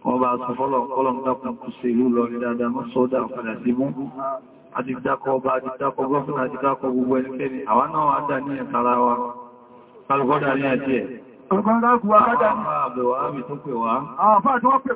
wọ́n bá sọ fọ́lọ̀ kọ́lọ̀m dákùn kú sí ìlú lọ ní dáadáa mọ́ sọ́dá padà sí mú àti dákọ̀ ọba àti dákọ̀ gọ́fún àti dákọ̀ gbogbo ẹnikẹ́ni àwa náà àdá ní ẹ̀kára wa ẹ̀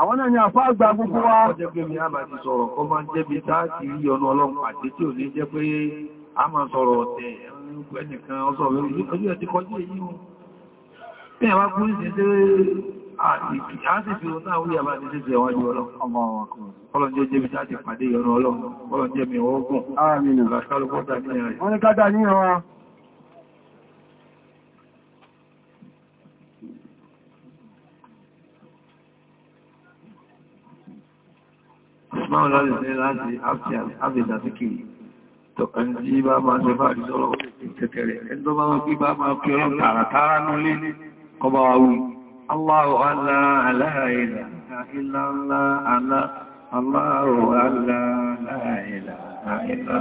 àwọn náà ni àfá àgbà gbogbo wa ọjọ́ pé mi a bá ti sọ̀rọ̀ kọ́ máa jẹ́ bí táàkì rí ọ̀nà ọlọ́run àti tí ò ní jẹ́ pé a máa sọ̀rọ̀ ọ̀tẹ̀ ẹnìkan ọsọ̀rọ̀ ojú ẹ̀ ti kọjú èyí wọn bí ẹ̀wà kún ní ṣe àti fi ọ̀tá orí àbá ti ṣe ẹ̀wájú ọlọ́run jẹ́ jẹ́bi táàkì pàdé ọ̀nà ọlọ́run ọlọ́run jẹ́ mi ọgbọ̀n máa lọ́lẹ̀ sí láti àbìdà sí kìí tọ̀kan tí bá máa ṣe bá rí sọ́rọ̀ ìtẹ̀tẹ̀rẹ̀ ẹ̀ndọ́ bá wọ́n pí bá máa fi ọ̀rọ̀ tààràtàrà nú lé kọba wa wí Allahu Allah aláìlà ilá Allah Allahu Allah aláìlà ilá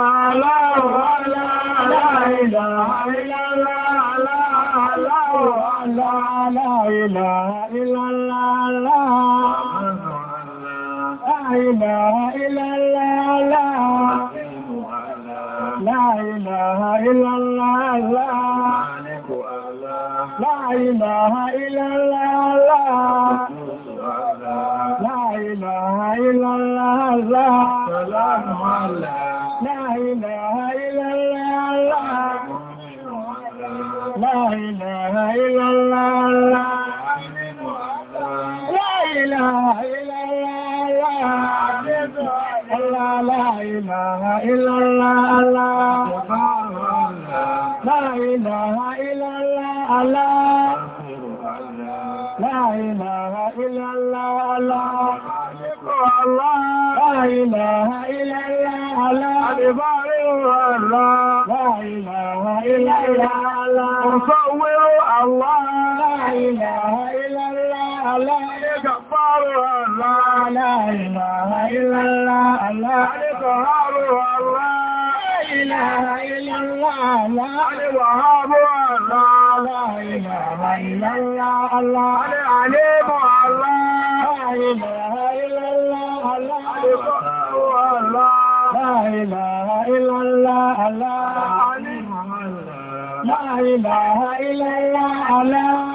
Allahu Allah aláìlà ilá Allahu Allah aláìlà ilá إله إلا الله لا لا إله إلا الله لا لا إله إلا الله لا لا إله إلا الله لا سلام الله لا إله إلا الله لا لا إله إلا الله لا لا إله إلا الله لا إله إلا الله الله لا إله إلا الله الله لا إله إلا الله الله الله لا إله إلا الله الله لا إله إلا الله مصور الله لا إله إلا الله La ilaha illallah Allah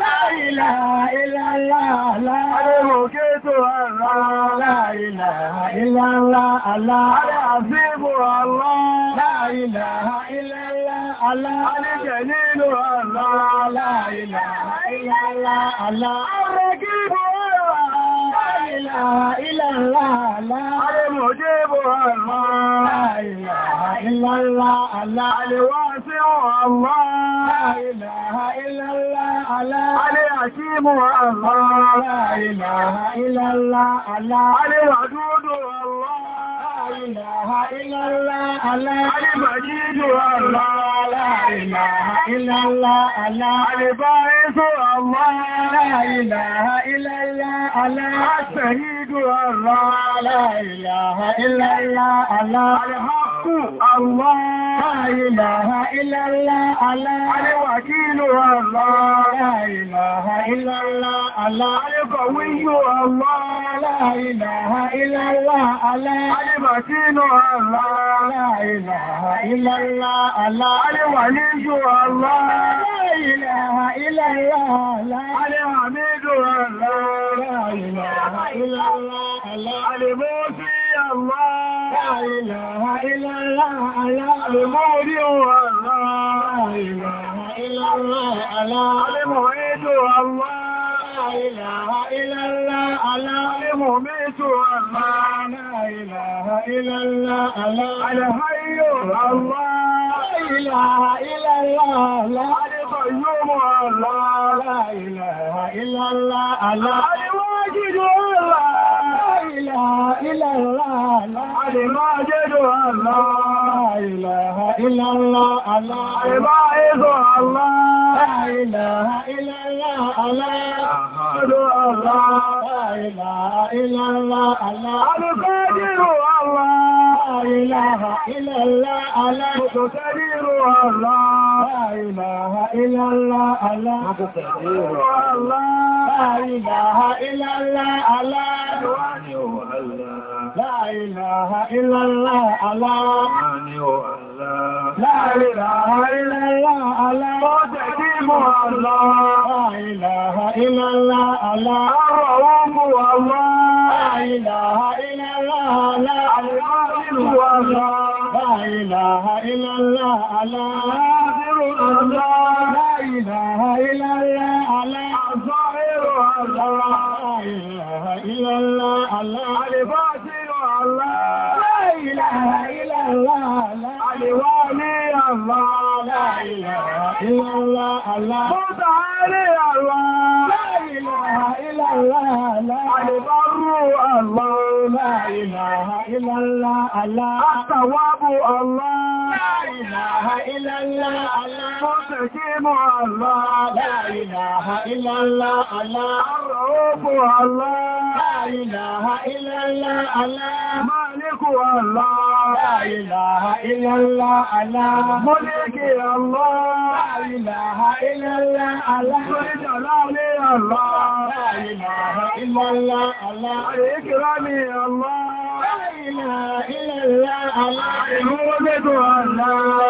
láìlà ìlàlá aláàrẹ̀mọ̀kẹ́ tó àrà láìlà ìlàlá aláàrẹ̀mọ̀ àlá láìlà ìlàlá aláàrẹ̀kẹ́ nínú àrà láìlà ìlàlá aláàrẹ̀kẹ́ ilaha illallah alẹ́mọ̀ jẹ́ bọ̀ àmọ́ ilaha illallah alẹ́wọ́ sí ọmọ ilaha illallah alẹ́ àṣímọ̀ àmọ́ ilaha illallah alẹ́ wàdúdó ilaha illallah Allah alìbàjídù Allah la ilaha illallah Allah alìbàrísù Allah la ilaha illallah Allah àtẹ̀yìdù Allah la ilaha illallah Allah alìhàkù Allah la ilaha illallah Allah alìwàkílù Allah la ilaha illallah Allah alìkọ̀wíyù Allah la ilaha illallah Allah alìbàjí nínú aláìláha ilẹ̀lá aláàríwà ní ṣù aláìláha ilẹ̀lá aláàríwà ní ṣù aláìláha ilẹ̀lá aláàríwà sí aláìláha ilẹ̀lá aláàríwà ní ṣù aláìláha إله إلا الله العالم ميت الله لا إله إلا الله الحي الله لا إله إلا الله لا القيوم الله لا إله إلا الله الواجد الله إله إلا الله الله ما جد الله لا إله إلا الله الله عباد الله لا إله إلا الله الله أحد الله لا إله إلا الله الله القادر الله لا إله إلا الله الله مقتدر الله لا إله إلا الله الله مقتدر الله ilaha illallah ala Allah la ilaha illallah ala ni o Allah la ilaha illallah ala o je ki Allah la ilaha illallah Allah la ilaha illallah Allah la ilaha illallah ala la ilaha illallah ilaha illallah alifásílò Allah la ilaha Allah la ilaha illallah Allah mọ́tàárí Allah la ilaha illallah alibarú Allah la ilaha Allah àtàwábù Allah ilaha illallah Allah Mọ́tàkímù Allah La ilaha illallah Allah Arọ́pù Allah La ilaha illallah Allah Máàlíkù Allah La ilaha illallah Allah Mọ́líkì Allah La ilaha illallah Allah Mọ́líkì Allah La ilaha illallah Allah Ìkìrámi Allah La ilaha illallah Allah Ìmúwọ́gbẹ́gbẹ́ Allah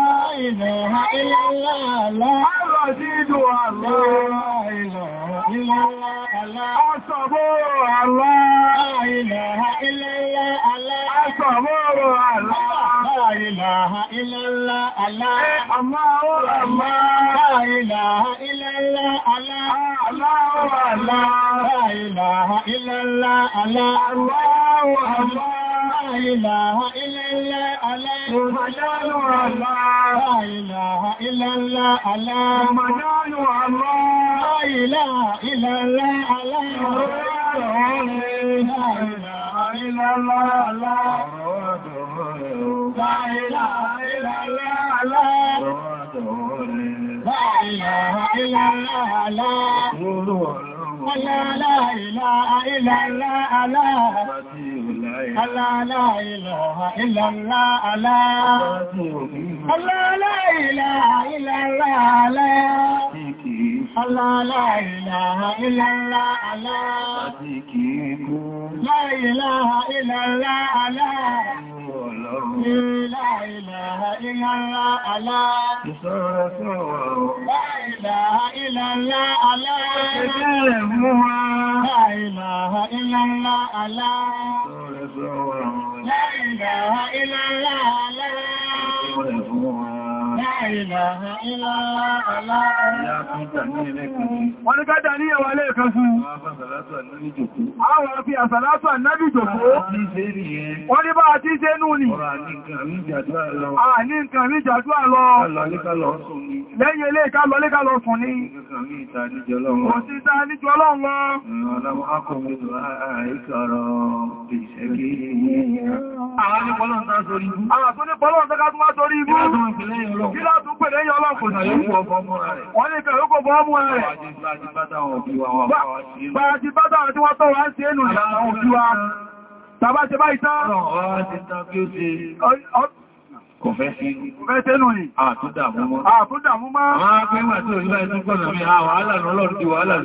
إله إلا الله لا مزيد الله لا إله إلا الله لا أصبر الله لا إله إلا الله لا أصبر الله لا إله إلا الله لا الله الله لا إله إلا الله لا الله الله لا إله إلا الله لا الله الله ilaha illallah aláàrẹ Rọ̀mọ̀dánù Allah. La ilaha illallah aláàrẹ Rọ̀mọ̀dánù Allah. La ilaha illallah aláàrẹ Ọlá láìlá àìlá àlá. Allah la ilaha illallah ala la ilaha illallah ala la ilaha illallah ala la ilaha illallah ala لا إله إلا الله على لا إله إلا الله على لا إله إلا الله على لا إله إلا الله على Wọ́n ní kájà ní ẹwà ilé ẹ̀kan sí. Àwọn fi àsàlátù ànábì jòkó. Wọ́n ní bá àti ṣe nú ni. A ní nǹkan rí jàdúrà lọ. Lẹ́yìn ilé ìká lọ léka lọ sùn ní. Kò sí ta níjọ ọlọ́run lọ. Àwọn ní pọ́lọ́n tán sórí ibú. Àwọn tó ní pọ́lọ́n tán ká tún wá sórí ibú. Kí tún pẹ̀lú ẹyọ ọlọ́pùnà yóò fún ọkọ̀ ọmọ rẹ̀. Wọ́n ní kẹ̀rọ kò bọ́ ọmọ rẹ̀. Bá ti bá dáwọn tí wọ́n tọ́ wá ń ṣe ẹnu ìlànà òbí wa. Tàbá ti bá ìta. Kò fẹ́ sí. Kò fẹ́ tẹ́nu ni. Àtúndàmú mọ́. Àtúndàmú mọ́. Àwọn agbẹ́gbà tó ìlú ẹ̀tún gbọ́nà mi, àwàhálà ní ọlọ́run ti wàhálà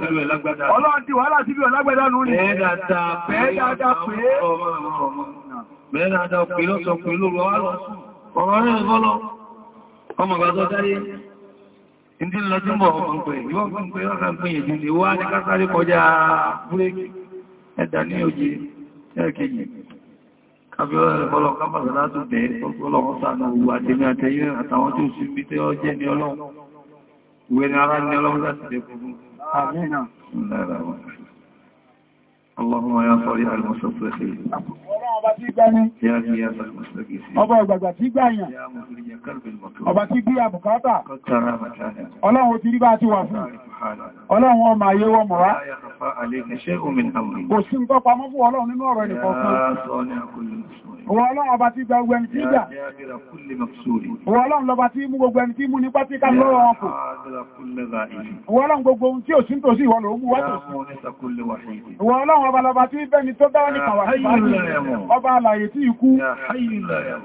ọmọ ọgbà tó dáyé ìdí lọ tí ń bọ̀ ọmọ pẹ̀ ìwọ́n fún pé ọ̀rọ̀ pín èdè lè wá ní kásáré kọjá búrékì ẹ̀dà ní òjì ẹ̀kẹ́yìn kábíọ́lá ẹ̀kọ́lọ̀ kápàtà látò bẹ̀ ọlọ́run sànà òwú àtẹ́mí àtẹ́yẹ àtàwọn tí ó sì bí tẹ́ ọjẹ́ ní ọlọ́run ọba tí bí àbùkátà ọlọ́run ti rí bá ti wà fún ọlọ́run ọmọ ayé wọ́n mọ̀wá kò sí nǹkan pamọ́ fún ọlọ́run nínú ọ̀rọ̀ ẹnìkan fún ọwọ́ ọlọ́run ọba tí gba ẹni tí ìjà ọba lọba tí ikú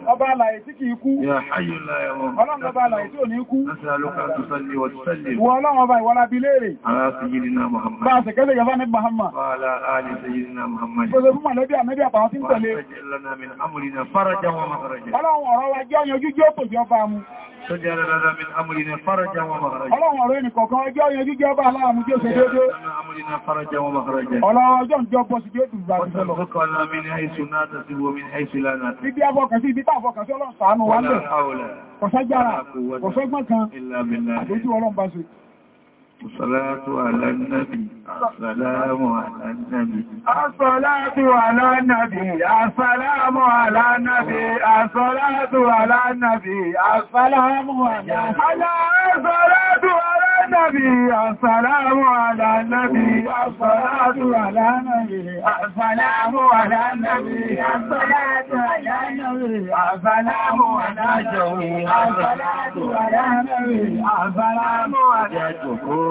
ọba alàyè tí kì kú لا يموت اللهم بارك على يتونيكو نسألك أن تصلي وتسلم والله باي ولا بليري على سيدنا محمد بس كده يا فاني محمد وعلى آل سيدنا محمد اللهم نبي نبي باطن تلي لنا من أمرنا فرجا ومخرجا اللهم رواجا يجي جوتو جوفامو فجعل لنا من أمرنا فرجا ومخرجا الله أرين كوكا جاء يجي جابا لا مجيو سيدو أمرنا فرجا ومخرجا الله جون جوبو سيدو وارزقنا من حيث ناتسب ومن حيث لا ناتسب بيبي أبو كسي بيتا أبو كسي الله سبحانه وتعالى ولا حول ولا قوة إلا بالله الصلاة على النبي السلام على النبي الصلاة على النبي السلام على النبي الصلاة على النبي السلام على الصلاة على النبي السلام على النبي الصلاة على النبي السلام على النبي الصلاة على النبي السلام على النبي الصلاة على النبي السلام على النبي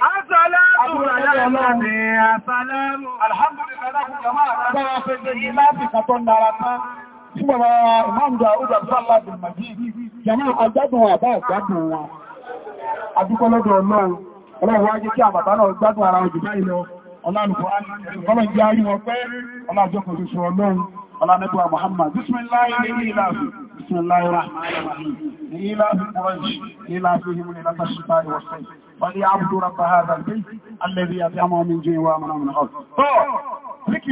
Àṣàlátù aláàmì àṣàlámù. Alhamdulillah, jama'a, agbára fẹ́ jẹ́ yìí láti kàtọ́ nára tán. Tí bàbá Ìmáàmùdà Ọjà Sálà bin Majid, jama'a àjádùn wọn àbá àjádùn wọn. Adúkọ́ lọ́dọ̀ Ọlọ́run, Ọlọ́run wájé kí àbàbá náà gbádùn ara òjò báyìí lọ. Ọlọ́run kọ́ ọlámẹ́gbà Muhammad bismillahi ní ìlàfí bismillahi rahmanirrahim ní ìlàfí kúrọ̀jì ní ìlàfí himuni lásà ṣípa ìwọ̀sán wọ́n ni abdurrabba hazard alladhi yàtí àmọ́ min jẹ́ ìwà mọ́nà mọ́nà